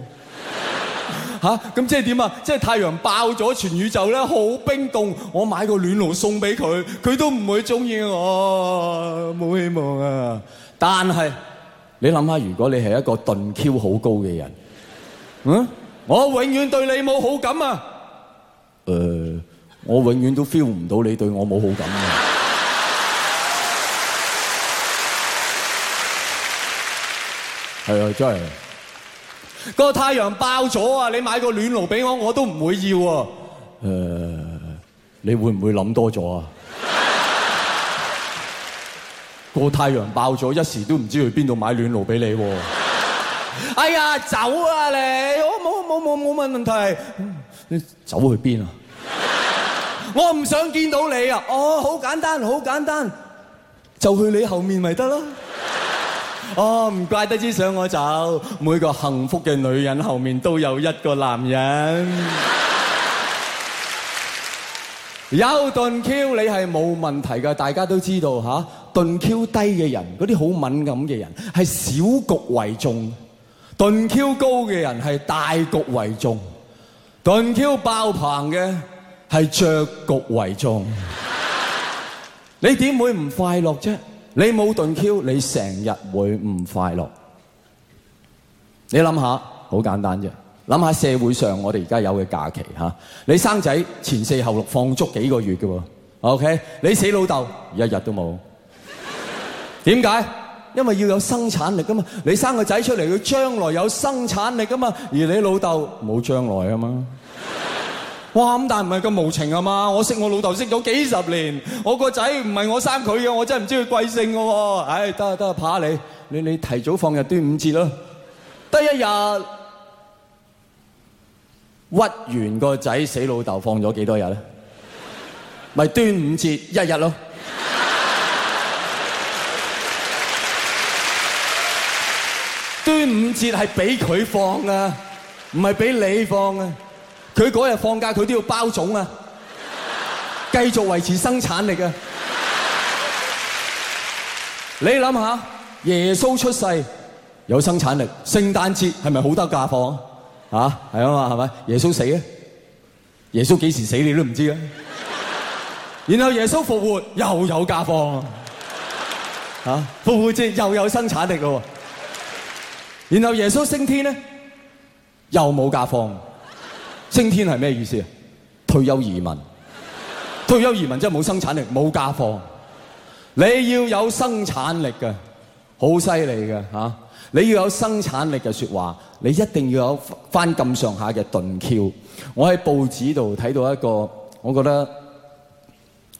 A: 嚇！咁即係點啊？即係太陽爆咗，全宇宙咧好冰凍。我買個暖爐送俾佢，佢都唔會中意我，冇希望啊！但係你諗下，如果你係一個盾 Q 好高嘅人，嗯，我永遠對你冇好感啊！誒，我永遠都 feel 唔到你對我冇好感啊！係啊，真係。個太陽爆咗啊！你買個暖爐俾我，我都唔會要啊。誒、呃，你會唔會諗多咗啊？個 太陽爆咗，一時都唔知去邊度買暖爐俾你，啊。哎呀，走啊你！我冇冇冇冇冇問問題。你走去邊啊？ 我唔想見到你啊！我、哦、好簡單，好簡單，就去你後面咪得咯。哦，唔怪得之想我走。每個幸福嘅女人後面都有一個男人。有盾 Q 你係冇問題㗎，大家都知道吓。盾 Q 低嘅人，嗰啲好敏感嘅人，係小局為重；盾 Q 高嘅人係大局為重；盾 Q 爆棚嘅係著局為重。你點會唔快樂啫？你冇盾 Q，你成日會唔快樂？你諗下，好簡單啫。諗下社會上我哋而家有嘅假期、吓、你生仔前四後六放足幾個月嘅喎，OK？你死老豆一日都冇。點解？因為要有生產力噶嘛。你生個仔出嚟，佢將來有生產力噶嘛。而你老豆冇將來啊嘛。哇！咁但係唔係咁無情啊嘛？我識我老豆識咗幾十年，我個仔唔係我生佢嘅，我真係唔知佢貴姓嘅喎。唉、哎，得啊得啊，怕你，你你提早放日端午節咯，得一日屈完個仔死老豆放咗幾多日咧？咪 端午節一日咯。 端午節係俾佢放啊，唔係俾你放啊。佢嗰日放假，佢都要包粽啊！繼續維持生產力啊！你諗下，耶穌出世有生產力，聖誕節係咪好多假放啊？係啊嘛，係咪？耶穌死啊？耶穌幾時死你都唔知啊！然後耶穌復活又有假放啊！復活節又有生產力咯。然後耶穌升天咧，又冇假放。升天係咩意思啊？退休移民， 退休移民真係冇生產力，冇家貨。你要有生產力嘅，好犀利嘅吓。你要有生產力嘅說話，你一定要有翻咁上下嘅盾 Q。我喺報紙度睇到一個，我覺得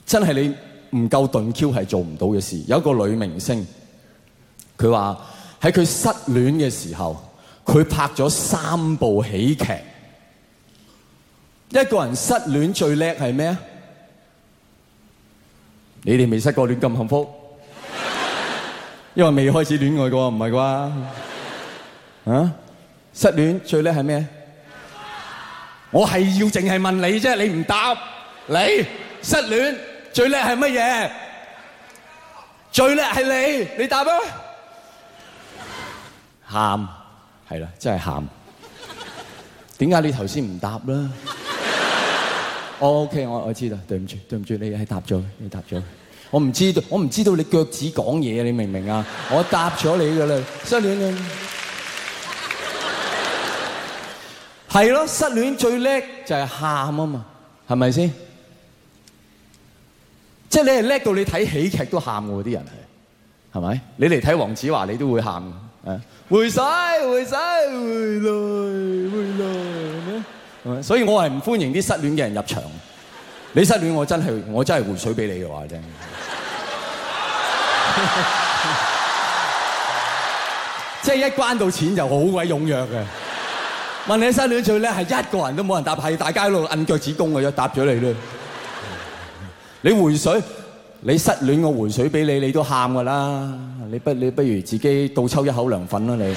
A: 真係你唔夠盾 Q 係做唔到嘅事。有一個女明星，佢話喺佢失戀嘅時候，佢拍咗三部喜劇。一個人失戀最叻係咩啊？你哋未失過戀咁幸福？因為未開始戀愛㗎喎，唔係啩？啊，失戀最叻係咩？我係要淨係問你啫，你唔答，你失戀最叻係乜嘢？最叻係你，你答啊。喊係啦，真係喊。點解你頭先唔答啦？我 OK，我我知道，對唔住，對唔住，你係答咗，你答咗。我唔知道，我唔知道你腳趾講嘢，你明唔明啊？ 我答咗你噶啦，失戀啊！係咯， 失戀最叻就係喊啊嘛，係咪先？即係你係叻到你睇喜劇都喊喎，啲人係，係咪？你嚟睇黃子華你都會喊嘅。回水回水，回來回來咩？回所以，我係唔歡迎啲失戀嘅人入場。你失戀，我真係我真係回水俾你嘅話啫。即係一關到錢就好鬼踴躍嘅。問你失戀最叻係一個人都冇人答，係大家一路摁腳趾公嘅啫，答咗你啦。你回水，你失戀我回水俾你，你都喊噶啦。你不你不如自己倒抽一口涼粉啦你。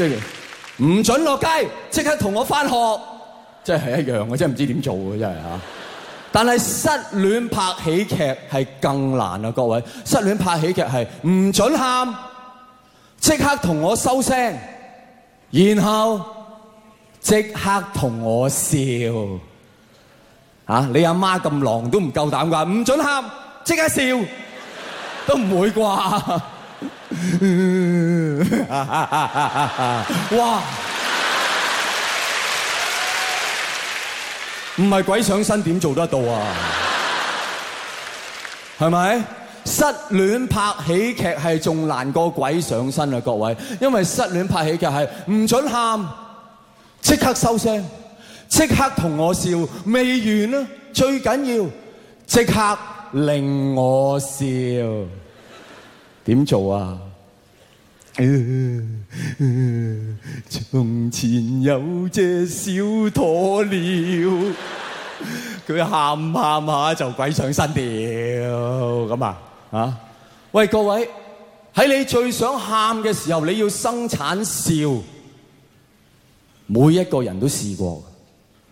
A: 即係唔准落街，即刻同我翻學，即係一樣嘅，我真係唔知點做嘅，真係吓。但係失戀拍喜劇係更難啊，各位！失戀拍喜劇係唔准喊，即刻同我收聲，然後即刻同我笑。吓，你阿媽咁狼都唔夠膽㗎？唔准喊，即刻笑都唔會啩？哇，唔係鬼上身點做得到啊？係咪失戀拍喜劇係仲難過鬼上身啊？各位，因為失戀拍喜劇係唔准喊，即刻收聲，即刻同我笑。未完啊，最緊要即刻令我笑。點做啊？從前有隻小鴕鳥，佢喊喊下就鬼上身掉咁啊！啊！喂，各位，喺你最想喊嘅時候，你要生產笑。每一個人都試過，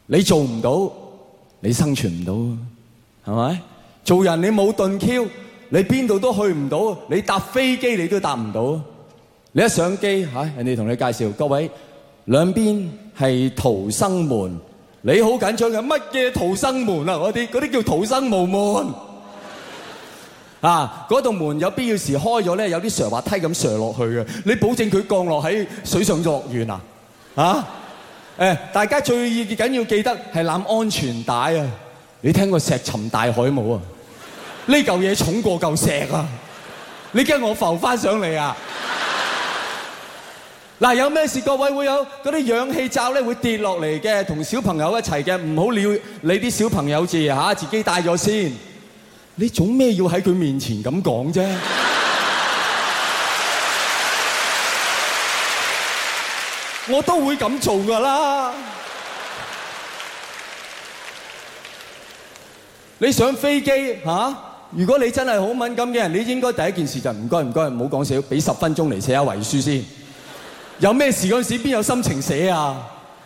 A: 你做唔到，你生存唔到啊，係咪？做人你冇鈍 Q？你邊度都去唔到，你搭飛機你都搭唔到。你一上機嚇，人哋同你介紹各位，兩邊係逃生門，你好緊張嘅乜嘢逃生門啊？嗰啲嗰啲叫逃生無門啊！嗰道門有必要時開咗咧，有啲斜滑梯咁斜落去嘅。你保證佢降落喺水上樂園啊？啊！誒，大家最緊要記得係攬安全帶啊！你聽過石沉大海冇啊？呢嚿嘢重過嚿石啊！你驚我浮返上嚟啊？嗱， 有咩事各位會有嗰啲氧氣罩咧，會跌落嚟嘅，同小朋友一齊嘅，唔好撩你啲小朋友字嚇、啊，自己戴咗先。你做咩要喺佢面前咁講啫？ 我都會咁做噶啦！ 你上飛機嚇？啊如果你真係好敏感嘅人，你應該第一件事就唔該唔該，唔好講少，俾十分鐘嚟寫下遺書先。有咩事嗰陣時，邊有心情寫啊？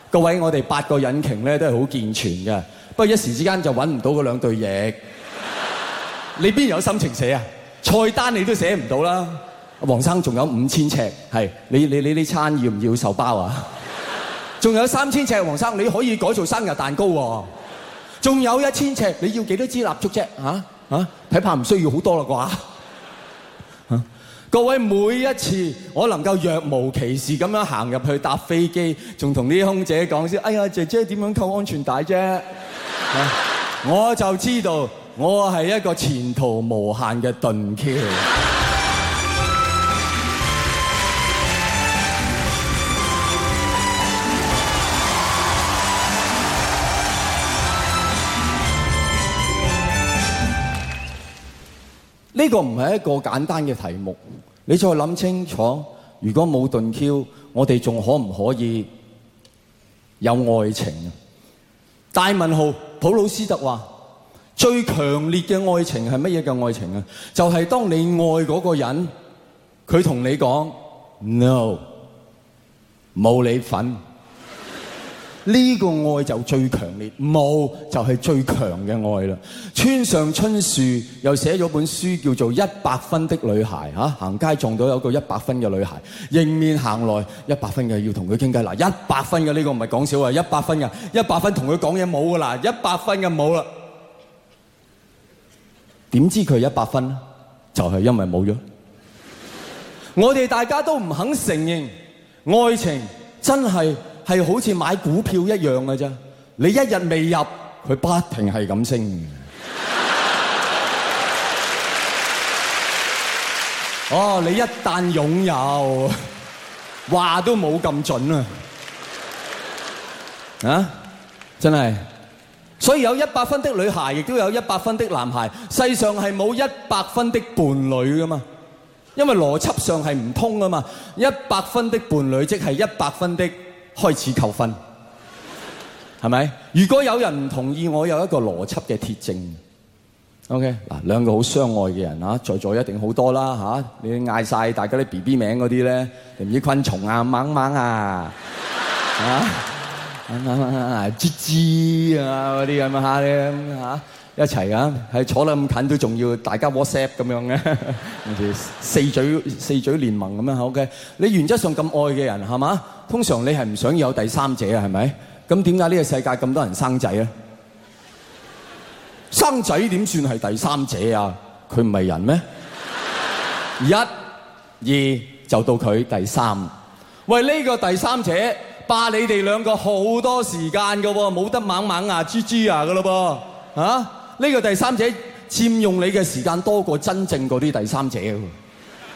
A: 各位，我哋八個引擎咧都係好健全嘅，不過一時之間就揾唔到嗰兩對翼。你邊有心情寫啊？菜單你都寫唔到啦。黃生仲有五千尺，係你你你呢餐要唔要壽包啊？仲有三千尺，黃生你可以改做生日蛋糕喎。仲有一千尺，你要幾多支蠟燭啫？啊啊！睇怕唔需要好多啦啩、啊。各位每一次我能夠若無其事咁樣行入去搭飛機，仲同啲空姐講先，哎呀姐姐點樣扣安全帶啫、 啊？我就知道我係一個前途無限嘅盾橋。呢個唔係一個簡單嘅題目，你再諗清楚，如果冇盾 Q，我哋仲可唔可以有愛情？大文豪，普魯斯特話：最強烈嘅愛情係乜嘢嘅愛情啊？就係、是、當你愛嗰個人，佢同你講 No，冇你份。呢個愛就最強烈，冇就係、是、最強嘅愛啦。村上春樹又寫咗本書叫做《一百分的女孩》嚇、啊，行街撞到有個一百分嘅女孩，迎面行來一百分嘅要同佢傾偈。嗱，一百分嘅呢個唔係講笑話，一百分嘅一百分同佢講嘢冇噶啦，一百分嘅冇啦。點知佢一百分？就係因為冇咗。沒了我哋大家都唔肯承認，愛情真係。係好似買股票一樣嘅啫，你一日未入，佢不停係咁升。哦，你一旦擁有，話都冇咁準啊！啊，真係。所以有一百分的女孩，亦都有一百分的男孩。世上係冇一百分的伴侶㗎嘛，因為邏輯上係唔通㗎嘛。一百分的伴侶即係一百分的。開始扣分，係咪？如果有人唔同意，我有一個邏輯嘅鐵證。OK，嗱，兩個好相愛嘅人啊，在座一定好多啦嚇，你嗌晒大家啲 BB 名嗰啲咧，定唔知昆蟲啊，掹掹啊，啊，掹掹啊，吱吱啊，嗰啲咁啊嚇咧嚇。一齊啊！係坐得咁近都仲要大家 WhatsApp 咁樣嘅，四嘴四嘴聯盟咁樣。OK，你原則上咁愛嘅人係嘛？通常你係唔想有第三者啊？係咪？咁點解呢個世界咁多人生仔啊？生仔點算係第三者啊？佢唔係人咩？一、二就到佢第三。喂，呢個第三者霸你哋兩個好多時間㗎喎，冇得猛猛啊，豬豬啊㗎嘞噃啊！呢個第三者佔用你嘅時間多過真正嗰啲第三者喎，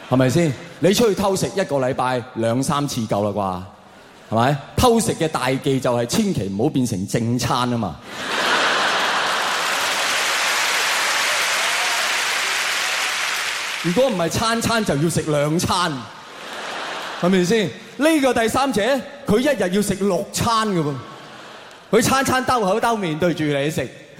A: 係咪先？你出去偷食一個禮拜兩三次夠啦啩，係咪？偷食嘅大忌就係千祈唔好變成正餐啊嘛！ 如果唔係，餐餐就要食兩餐，係咪先？呢個第三者佢一日要食六餐嘅喎，佢餐餐兜口兜面對住你食。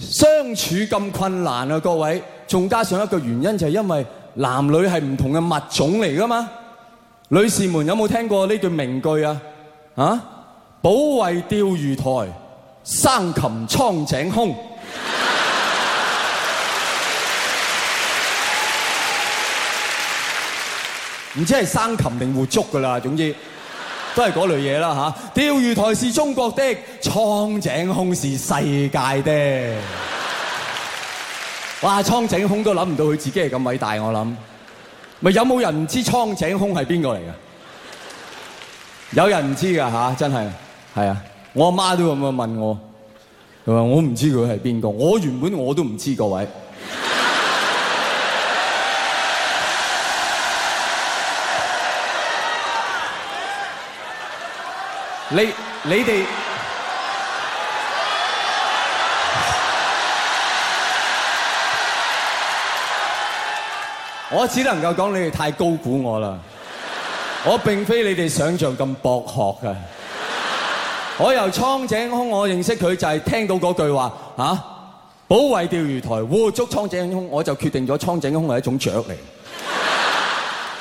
A: 相處咁困難啊，各位，仲加上一個原因就係因為男女係唔同嘅物種嚟噶嘛？女士們有冇聽過呢句名句啊？啊，保衛釣魚台，生擒蒼井空，唔 知係生擒定活捉噶啦，總之。都係嗰類嘢啦嚇，釣魚台是中國的，蒼井空是世界的。 哇！蒼井空都諗唔到佢自己係咁偉大，我諗。咪有冇人唔知蒼井空係邊個嚟嘅？ 有人唔知㗎吓、啊，真係，係啊！我阿媽都咁樣問我，佢話我唔知佢係邊個，我原本我都唔知各位。你你哋，我只能夠講你哋太高估我啦！我並非你哋想像咁博學㗎。我由蒼井空，我認識佢就係聽到嗰句話吓：保衞釣魚台，捕捉蒼井空，我就決定咗蒼井空係一種雀嚟。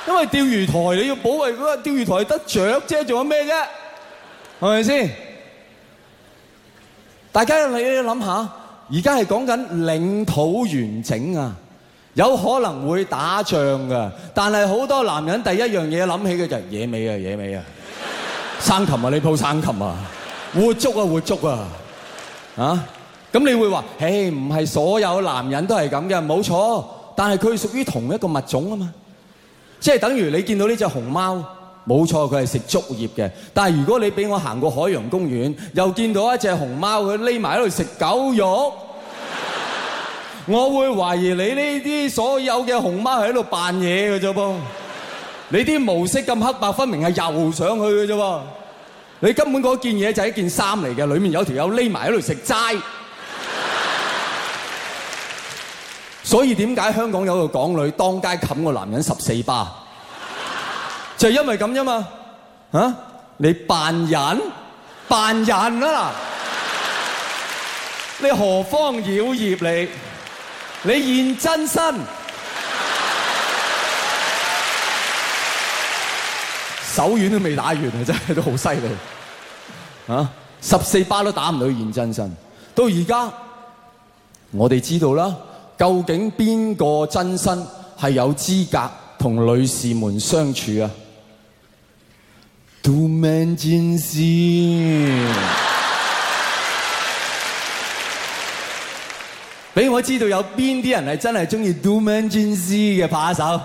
A: 因為釣魚台你要保衞嗰個釣魚台係得雀啫，仲有咩啫？係咪先？大家你諗下，而家係講緊領土完整啊，有可能會打仗噶。但係好多男人第一樣嘢諗起嘅就野味啊，野味啊，生禽啊，你鋪生禽啊，活捉啊，活捉啊，啊！咁你會話，誒，唔係所有男人都係咁嘅，冇錯。但係佢屬於同一個物種啊嘛，即係等於你見到呢隻熊貓。冇錯，佢係食竹葉嘅。但係如果你俾我行過海洋公園，又見到一隻熊貓佢匿埋喺度食狗肉，我會懷疑你呢啲所有嘅熊貓係喺度扮嘢嘅啫噃。你啲模式咁黑白分明係油上去嘅啫喎。你根本嗰件嘢就係一件衫嚟嘅，裡面有條友匿埋喺度食齋。所以點解香港有個港女當街冚個男人十四巴？就因為咁啫嘛，你扮人扮人啦，啊，你何方妖孽你？你現真身 手軟都未打完啊！真係都好犀利嚇，十四巴都打唔到現真身。到而家我哋知道啦，究竟邊個真身係有資格同女士們相處啊？do man 戰士，俾我知道有邊啲人係真係中意 do man 戰士嘅拍手，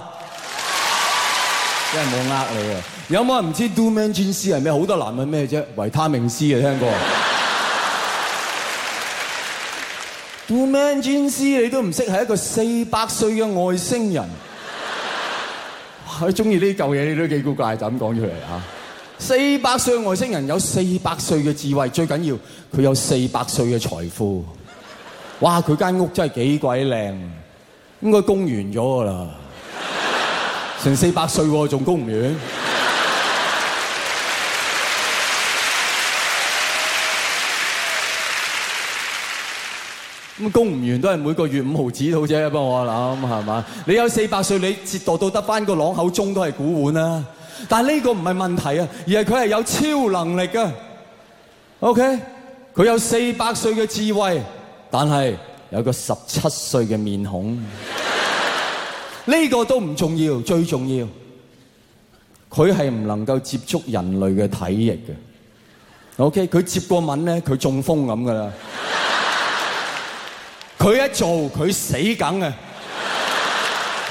A: 真係冇呃你嘅。有冇人唔知 do man 戰士係咩？好多男人咩啫，維他命 C 啊，聽過？do man 戰士你都唔識，係一個四百歲嘅外星人，我中意呢舊嘢，你都幾古怪，就咁講出嚟嚇。四百歲的外星人有四百歲嘅智慧，最緊要佢有四百歲嘅財富。哇！佢間屋真係幾鬼靚，應該供完咗㗎啦。 成四百歲仲供唔完？咁供唔完都係每個月五毫紙，啫。不過我諗係嘛？你有四百歲，你折墮到得翻個朗口中都係古玩啦、啊。但係呢個唔係問題啊，而係佢係有超能力嘅。OK，佢有四百歲嘅智慧，但係有個十七歲嘅面孔。呢 個都唔重要，最重要，佢係唔能夠接觸人類嘅體液嘅。OK，佢接過吻咧，佢中風咁噶啦。佢 一做佢死梗啊！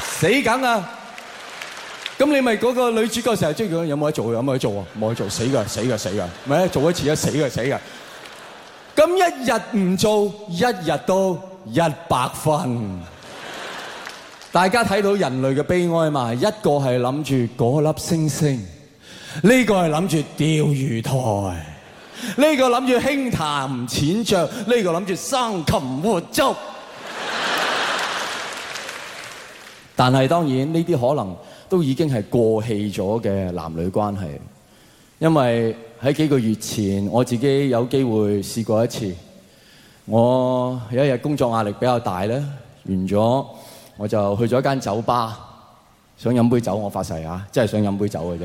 A: 死梗啊！咁你咪嗰個女主角成日追佢，有冇得做？有冇得做啊？冇得做，死噶，死噶，死噶，咪做一次啊！死噶，死噶。咁一日唔做，一日都一百分。大家睇到人類嘅悲哀嘛？一個係諗住嗰粒星星，呢個係諗住釣魚台，呢個諗住輕談淺酌，呢個諗住生擒活捉。但係當然呢啲可能。都已經係過氣咗嘅男女關係，因為喺幾個月前我自己有機會試過一次，我有一日工作壓力比較大咧，完咗我就去咗一間酒吧，想飲杯酒。我發誓啊，真係想飲杯酒嘅啫。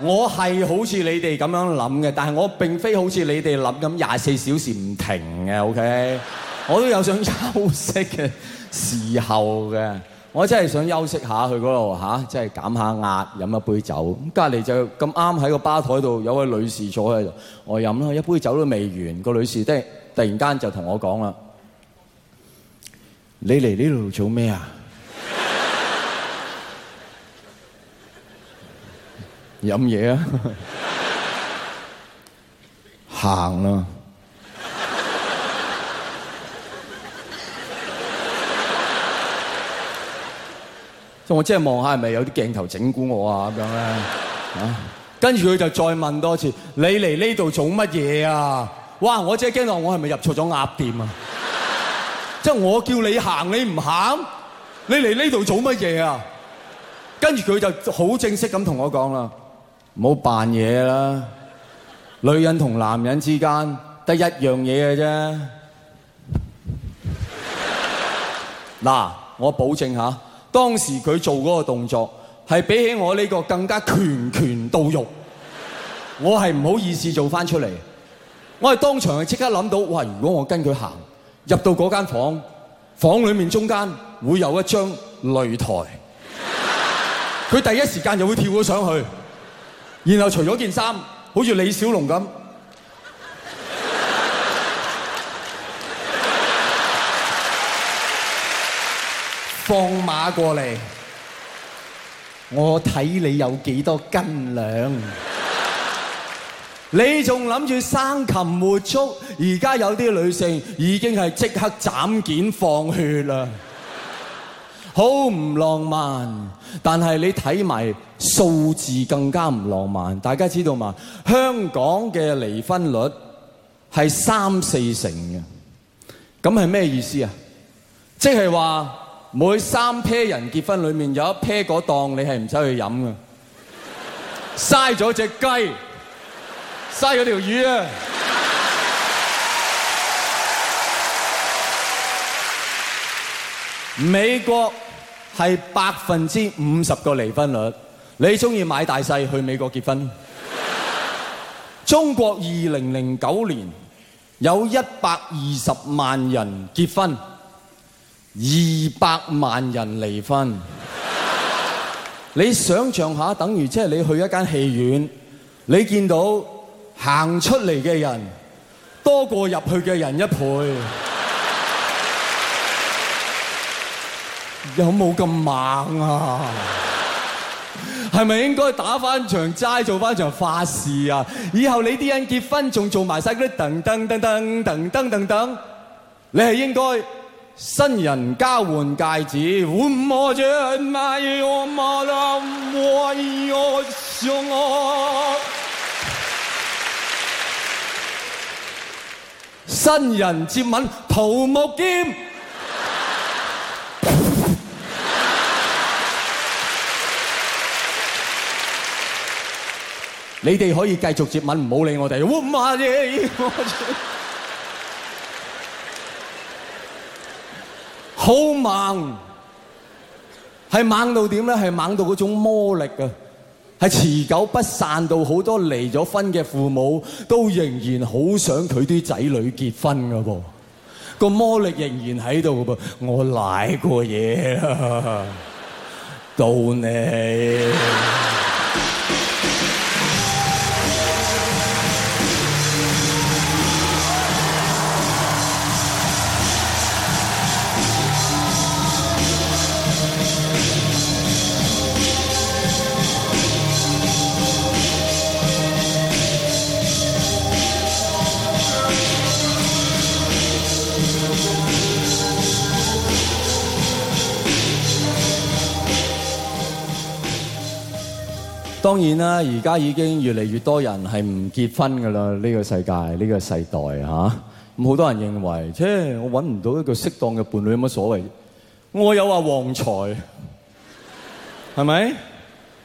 A: 我係好似你哋咁樣諗嘅，但係我並非好似你哋諗咁廿四小時唔停嘅，OK。我都有想休息嘅時候嘅，我真係想休息下去嗰度吓，即係減下壓，飲一杯酒。隔離就咁啱喺個吧台度有位女士坐喺度，我飲啦，一杯酒都未完，個女士即係突然間就同我講啦：你嚟呢度做咩啊？飲嘢啊？行啦。我真係望下係咪有啲鏡頭整蠱我啊咁樣咧，啊！跟住佢就再問多次：你嚟呢度做乜嘢啊？哇！我真係驚話我係咪入錯咗鴨店啊？即係我叫你行你唔行，你嚟呢度做乜嘢啊？跟住佢就好正式咁同我講啦：唔好扮嘢啦！女人同男人之間得一樣嘢嘅啫。嗱，我保證吓。當時佢做嗰個動作係比起我呢個更加拳拳到肉，我係唔好意思做返出嚟，我係當場係即刻諗到，哇！如果我跟佢行入到嗰間房，房裏面中間會有一張擂台，佢第一時間就會跳咗上去，然後除咗件衫，好似李小龍咁。放馬過嚟，我睇你有幾多斤兩？你仲諗住生擒活捉？而家有啲女性已經係即刻斬件放血啦！好唔浪漫，但係你睇埋數字更加唔浪漫。大家知道嘛？香港嘅離婚率係三四成嘅，咁係咩意思啊？即係話。每三 pair 人結婚，裏面有一 pair 嗰檔你係唔使去飲嘅，嘥咗隻雞，嘥咗條魚啊！ 美國係百分之五十個離婚率，你中意買大細去美國結婚？中國二零零九年有一百二十萬人結婚。二百萬人離婚，你想象下，等於即係你去一間戲院，你見到行出嚟嘅人多過入去嘅人一倍，有冇咁猛啊？係咪應該打翻場齋做翻場法事啊？以後你啲人結婚仲做埋曬嗰啲噔噔噔噔噔噔噔噔，你係應該。新人交換戒指，新人接吻，桃木劍，你哋可以繼續接吻，唔好理我哋 好猛，係猛到點咧？係猛到嗰種魔力啊！係持久不散到好多離咗婚嘅父母都仍然好想佢啲仔女結婚噶噃，個魔力仍然喺度噃。我賴過嘢啦，到你。 當然啦，而家已經越嚟越多人係唔結婚噶啦，呢個世界，呢個世代嚇。咁好多人認為，即係我揾唔到一個適當嘅伴侶，有乜所謂？我有話旺財，係咪？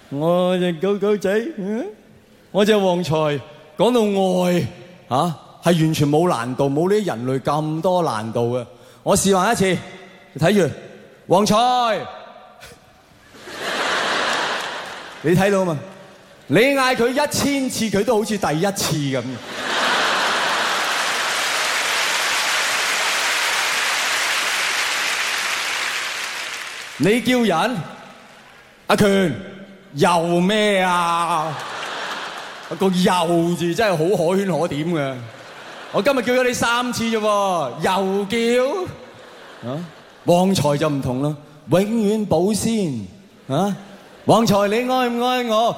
A: 我隻狗狗仔，我隻旺財。講到愛嚇，係完全冇難度，冇啲人類咁多難度嘅。我示範一次，你睇住，旺財，你睇到嘛？你嗌佢一千次，佢都好似第一次咁。你叫人阿權又咩啊？個又字真係好可圈可點嘅。我今日叫咗你三次啫喎，又叫啊？旺財就唔同啦，永遠保鮮啊！旺財，你愛唔愛我？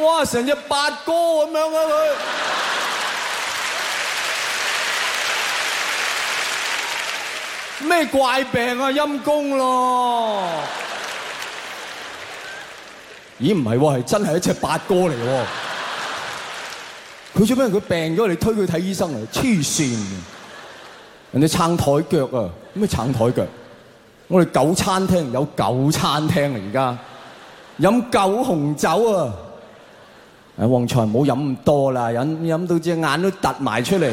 A: 哇！成隻八哥咁樣啊，佢咩怪病啊？陰公咯！咦？唔係喎，係真係一隻八哥嚟喎。佢做咩？佢病咗，你推佢睇醫生嚟。黐線！人哋撐台腳啊？咩撐台腳？我哋狗餐廳有狗餐廳啊！而家飲狗紅酒啊！阿旺財，唔好飲咁多啦，飲飲到隻眼都凸埋出嚟。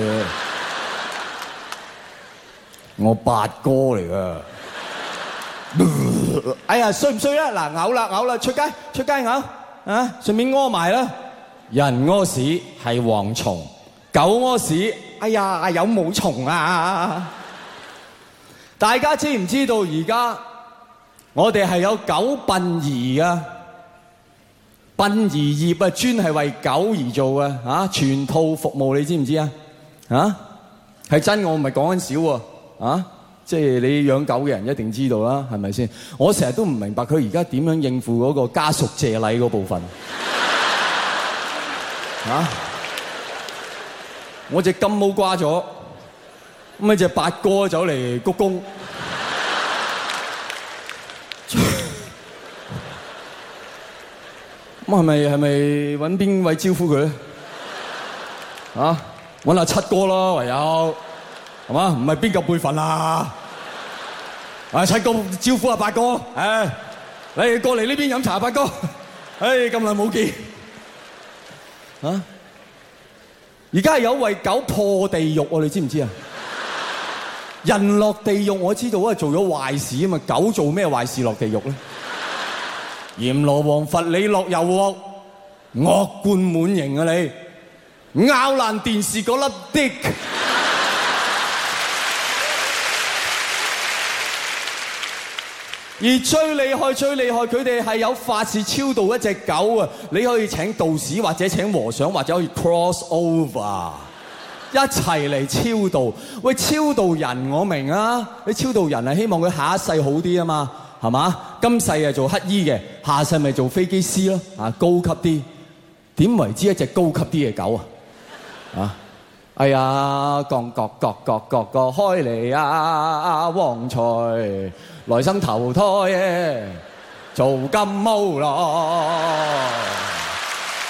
A: 我八哥嚟㗎。 哎呀衰唔衰啦？嗱，嘔啦嘔啦，出街出街嘔，啊，順便屙埋啦。人屙屎係黃蟲，狗屙屎，哎呀有冇蟲啊？ 大家知唔知道而家我哋係有狗糞兒噶？殯儀業啊，專係為狗而做嘅，啊，全套服務你知唔知啊？嚇，係真我唔係講緊笑喎，即、啊、係、就是、你養狗嘅人一定知道啦，係咪先？我成日都唔明白佢而家點樣應付嗰個家屬謝禮嗰部分，嚇， 啊？我隻金毛瓜咗，咁啊隻八哥走嚟鞠躬。咁係咪係咪揾邊位招呼佢啊？揾阿七哥咯，唯有係嘛？唔係邊個輩份啊？啊，七哥招呼阿八哥，唉、哎，你過嚟呢邊飲茶，八哥，唉、哎，咁耐冇見，啊！而家係有位狗破地獄，你知唔知啊？人落地獄我知道，做咗壞事啊嘛。狗做咩壞事落地獄咧？閻羅王罰你落油鑊，惡貫滿盈啊你！咬爛電視嗰粒 Dick。 而最厲害、最厲害，佢哋係有法事超度一隻狗啊！你可以請道士或者請和尚，或者可以 cross over，一齊嚟超度。喂，超度人我明啊，你超度人係希望佢下一世好啲啊嘛。係嘛？今世係做乞兒嘅，下世咪做飛機師咯，啊，高級啲。點為之一隻高級啲嘅狗啊？啊，哎呀，各各各各各個開嚟啊！旺財，來生投胎呀，做金毛咯。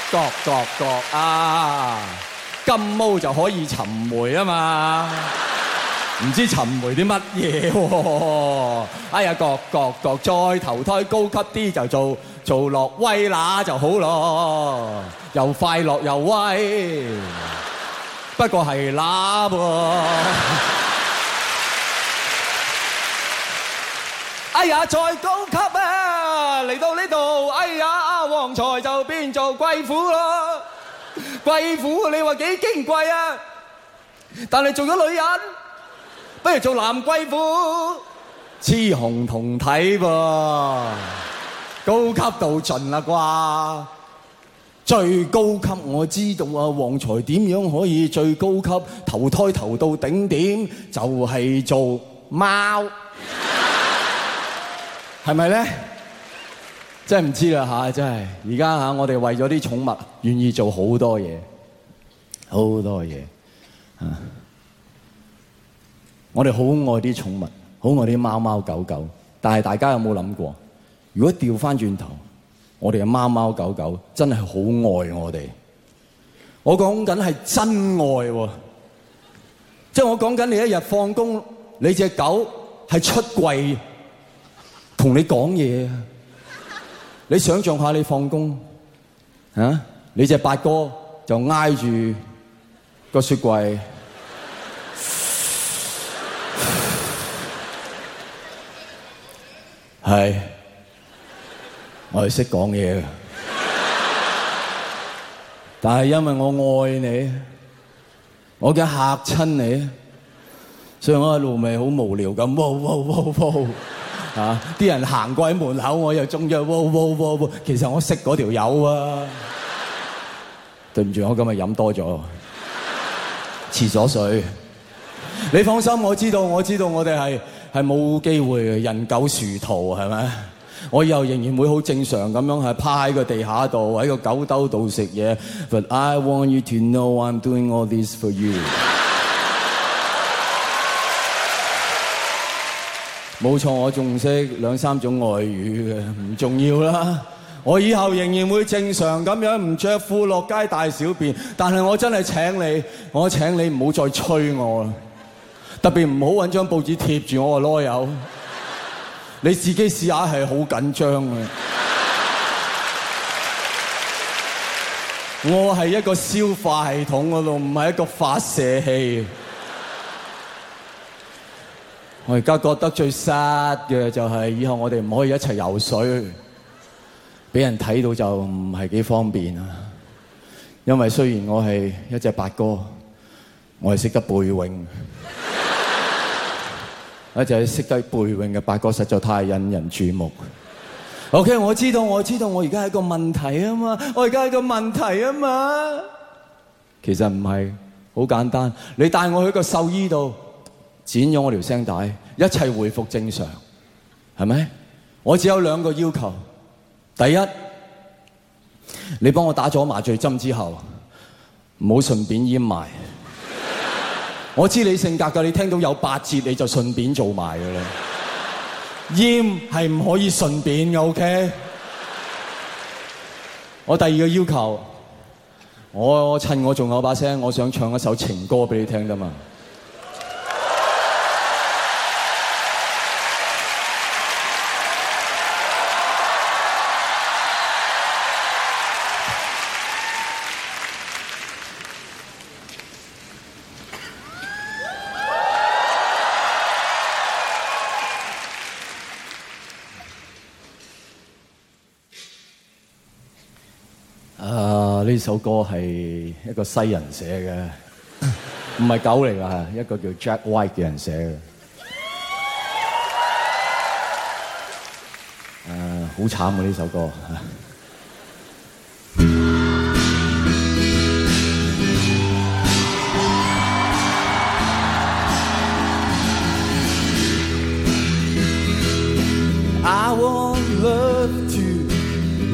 A: 各各各啊，金毛就可以尋梅啊嘛。唔知尋回啲乜嘢？哎呀，各各各再投胎高級啲就做做落威乸就好咯，啊，又快樂又威，不過係乸喎！哎呀，再高級啊！嚟到呢度，哎呀，旺財就變做貴婦咯，貴婦你話幾矜貴啊？但係做咗女人。不如做男貴婦，雌雄同體噃，高級到盡啦啩！最高級我知道啊，旺財點樣可以最高級投胎投到頂點，就係、是、做貓，係咪咧？真係唔知啦吓，真係！而家吓我哋為咗啲寵物，願意做好多嘢，好多嘢啊！我哋好愛啲寵物，好愛啲貓貓狗狗。但係大家有冇諗過？如果掉翻轉頭，我哋嘅貓貓狗狗真係好愛我哋。我講緊係真愛喎，即係我講緊你一日放工，你隻狗係出櫃同你講嘢。 你想象下，你放工啊，你隻八哥就挨住個雪櫃。係，我係識講嘢嘅，但係因為我愛你，我驚嚇親你，所以我喺度咪好無聊咁，wow wow wow wow，吓，啲人行過喺門口我又中咗，wow wow wow wow，其實我識嗰條友啊，對唔住，我今日飲多咗，廁所水，你放心我知道我知道我哋係。係冇機會嘅，人狗殊途。係咪？我以後仍然會好正常咁樣係趴喺個地下度，喺個狗兜度食嘢。But I want you to know I'm doing all this for you。冇錯，我仲識兩三種外語嘅，唔重要啦。我以後仍然會正常咁樣唔著褲落街大小便，但係我真係請你，我請你唔好再催我啦。特別唔好揾張報紙貼住我個囉柚，你自己試下係好緊張嘅。我係一個消化系統嗰度，唔係一個發射器。我而家覺得最 sad 嘅就係以後我哋唔可以一齊游水，俾人睇到就唔係幾方便啊。因為雖然我係一隻八哥，我係識得背泳。我就係識得背泳嘅八哥，實在太引人注目。OK，我知道，我知道，我而家係個問題啊嘛，我而家係個問題啊嘛。其實唔係好簡單，你帶我去個獸醫度剪咗我條聲帶，一切回復正常，係咪？我只有兩個要求，第一，你幫我打咗麻醉針之後，唔好順便閹埋。我知你性格㗎，你聽到有八折你就順便做埋㗎啦。煙係唔可以順便㗎，OK？ 我第二個要求，我，我趁我仲有把聲，我想唱一首情歌俾你聽啫嘛。呢首歌係一個西人寫嘅，唔係狗嚟㗎，一個叫 Jack White 嘅人寫嘅。誒，好慘嘅呢首歌嚇。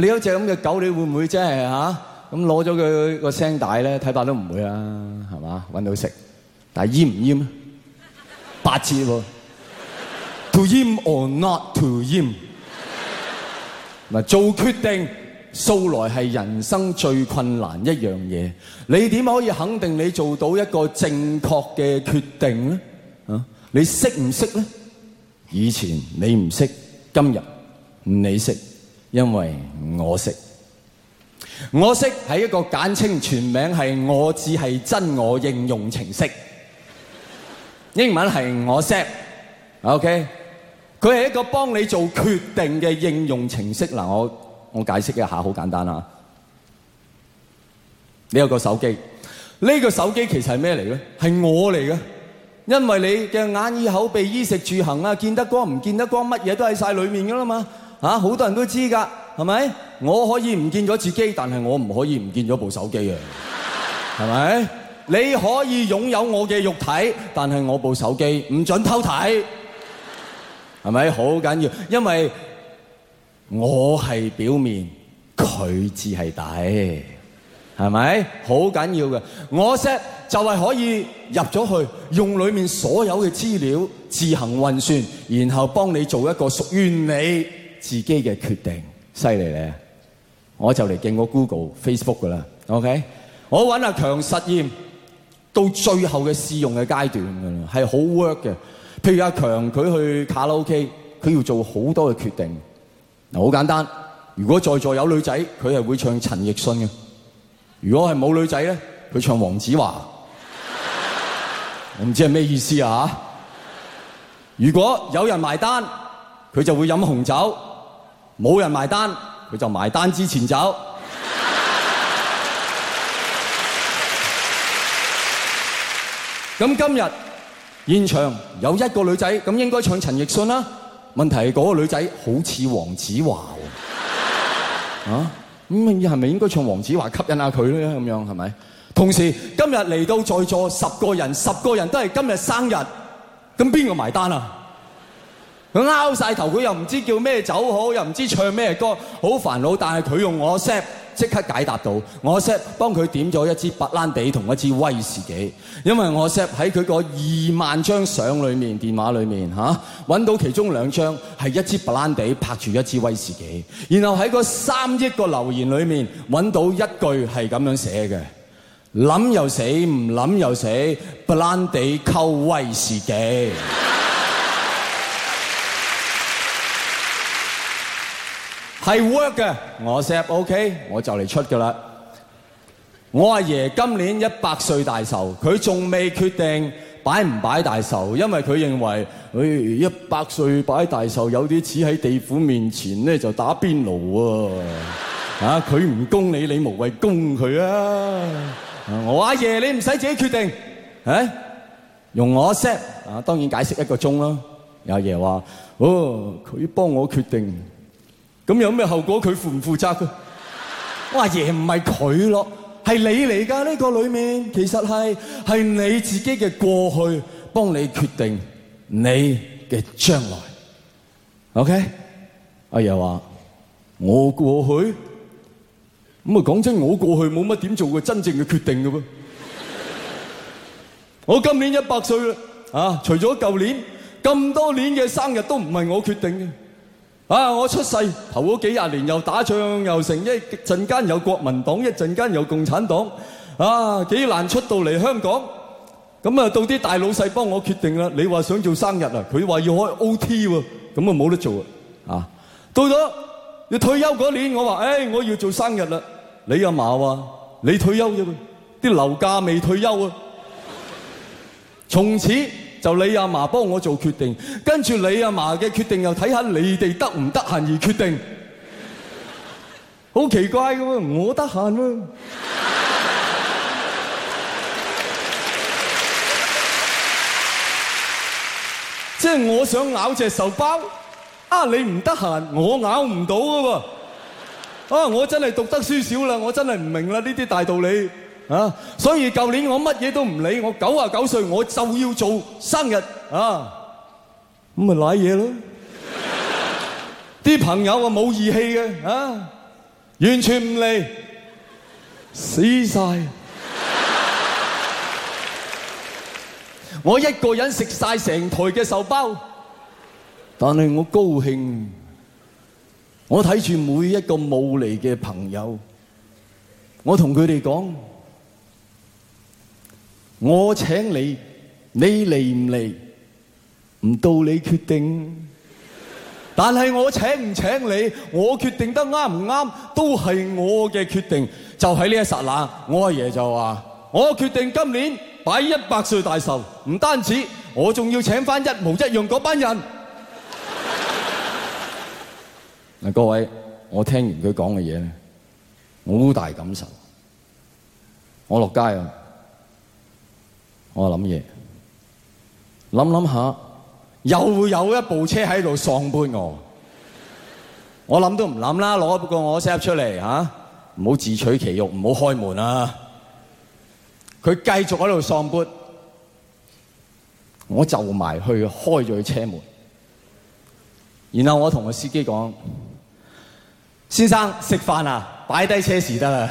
A: 你一隻咁嘅狗，你會唔會真係吓咁攞咗佢個聲帶咧？睇怕都唔會啊，係嘛？搵到食，但係閹唔閹咧？八字喎，to 閹 or not to 閹。嗱，做決定，素來係人生最困難一樣嘢。你點可以肯定你做到一個正確嘅決定咧？啊，你識唔識咧？以前你唔識，今日你識。因為我識，我識係一個簡稱全名係我只係真我應用程式，英文係我 set，OK，佢係一個幫你做決定嘅應用程式。嗱，我我解釋一下，好簡單啊。你有個手機，呢個手機其實係咩嚟嘅咧？係我嚟嘅，因為你嘅眼、耳、口、鼻、衣、食、住、行啊，見得光唔見得光，乜嘢都喺晒裡面噶啦嘛。好多人都知㗎，係咪？我可以唔見咗自己，但係我唔可以唔見咗部手機啊，係咪？你可以擁有我嘅肉體，但係我部手機唔准偷睇，係咪？好緊要，因為我係表面，佢至係底，係咪？好緊要嘅，我 set 就係可以入咗去用裡面所有嘅資料自行運算，然後幫你做一個屬於你。自己嘅決定犀利咧，我就嚟勁過 Google、Facebook 噶啦，OK？我揾阿強實驗到最後嘅試用嘅階段，係好 work 嘅。譬如阿強佢去卡拉 OK，佢要做好多嘅決定。嗱，好簡單，如果在座有女仔，佢係會唱陳奕迅嘅；如果係冇女仔咧，佢唱黃子華。唔 知係咩意思啊？如果有人埋單，佢就會飲紅酒。冇人埋單，佢就埋單之前走。咁 今日現場有一個女仔，咁應該唱陳奕迅啦。問題係嗰個女仔好似黃子華喎。啊，咁咪係咪應該唱黃子華吸引下佢咧？咁樣係咪？同時今日嚟到在座十個人，十個人都係今日生日，咁邊個埋單啊？佢拗晒頭，佢又唔知叫咩酒好，又唔知唱咩歌，好煩惱。但係佢用我 set 即刻解答到，我 set 幫佢點咗一支白蘭地同一支威士忌，因為我 set 喺佢個二萬張相裏面，電話裏面嚇揾、啊、到其中兩張係一支白蘭地拍住一支威士忌，然後喺個三億個留言裏面揾到一句係咁樣寫嘅：諗又死，唔諗又死，白蘭地溝威士忌。係 work 嘅，我 set OK，我就嚟出噶啦。我阿爺今年一百歲大壽，佢仲未決定擺唔擺大壽，因為佢認為，誒、哎、一百歲擺大壽有啲似喺地府面前咧就打邊爐啊！啊！佢唔供你，你無謂供佢啊！我阿爺你唔使自己決定，誒、啊，用我 set 啊，當然解釋一個鐘啦。有阿爺話：，哦，佢幫我決定。咁有咩後果？佢負唔負責嘅？我話：爺唔係佢咯，係你嚟㗎。呢個裏面其實係係你自己嘅過去幫你決定你嘅將來。OK？阿爺話：我過去咁啊，講真，我過去冇乜點做過真正嘅決定嘅噃。我今年一百歲啦，啊，除咗舊年咁多年嘅生日都唔係我決定嘅。啊！我出世，頭幾廿年，又打仗，又成一陣間有國民黨，一陣間有共產黨，啊，幾難出到嚟香港。咁啊，到啲大老細幫我決定啦。你話想做生日啊，佢話要開 OT 喎，咁啊冇得做啊。啊，到咗要退休嗰年，我話：唉，我要做生日啦。你阿嫲話：你退休啫，啲樓價未退休啊。從此，就你阿嫲幫我做決定，跟住你阿嫲嘅決定又睇下你哋得唔得閒而決定，好奇怪㗎喎！我得閒喎，即係 我想咬隻手包，啊你唔得閒，我咬唔到㗎喎，啊我真係讀得書少啦，我真係唔明啦呢啲大道理。啊！所以舊年我乜嘢都唔理，我九啊九歲我就要做生日啊！咁咪瀨嘢咯！啲 朋友啊冇義氣嘅啊，完全唔嚟，死晒！ 我一個人食晒成台嘅壽包， 但係我高興，我睇住每一個冇嚟嘅朋友，我同佢哋講。我請你，你嚟唔嚟，唔到你決定。但係我請唔請你，我決定得啱唔啱都係我嘅決定。就喺呢一剎那，我阿爺就話：我決定今年擺一百歲大壽，唔單止，我仲要請翻一模一樣嗰班人。嗱， 各位，我聽完佢講嘅嘢咧，我好大感受。我落街啊！我諗嘢，諗諗下，又有一部車喺度喪撥我，我諗都唔諗啦，攞個我 set 出嚟吓，唔好自取其辱，唔好開門啊！佢繼續喺度喪撥，我就埋去開咗佢車門，然後我同個司機講：先生食飯啊，擺低車匙得啦。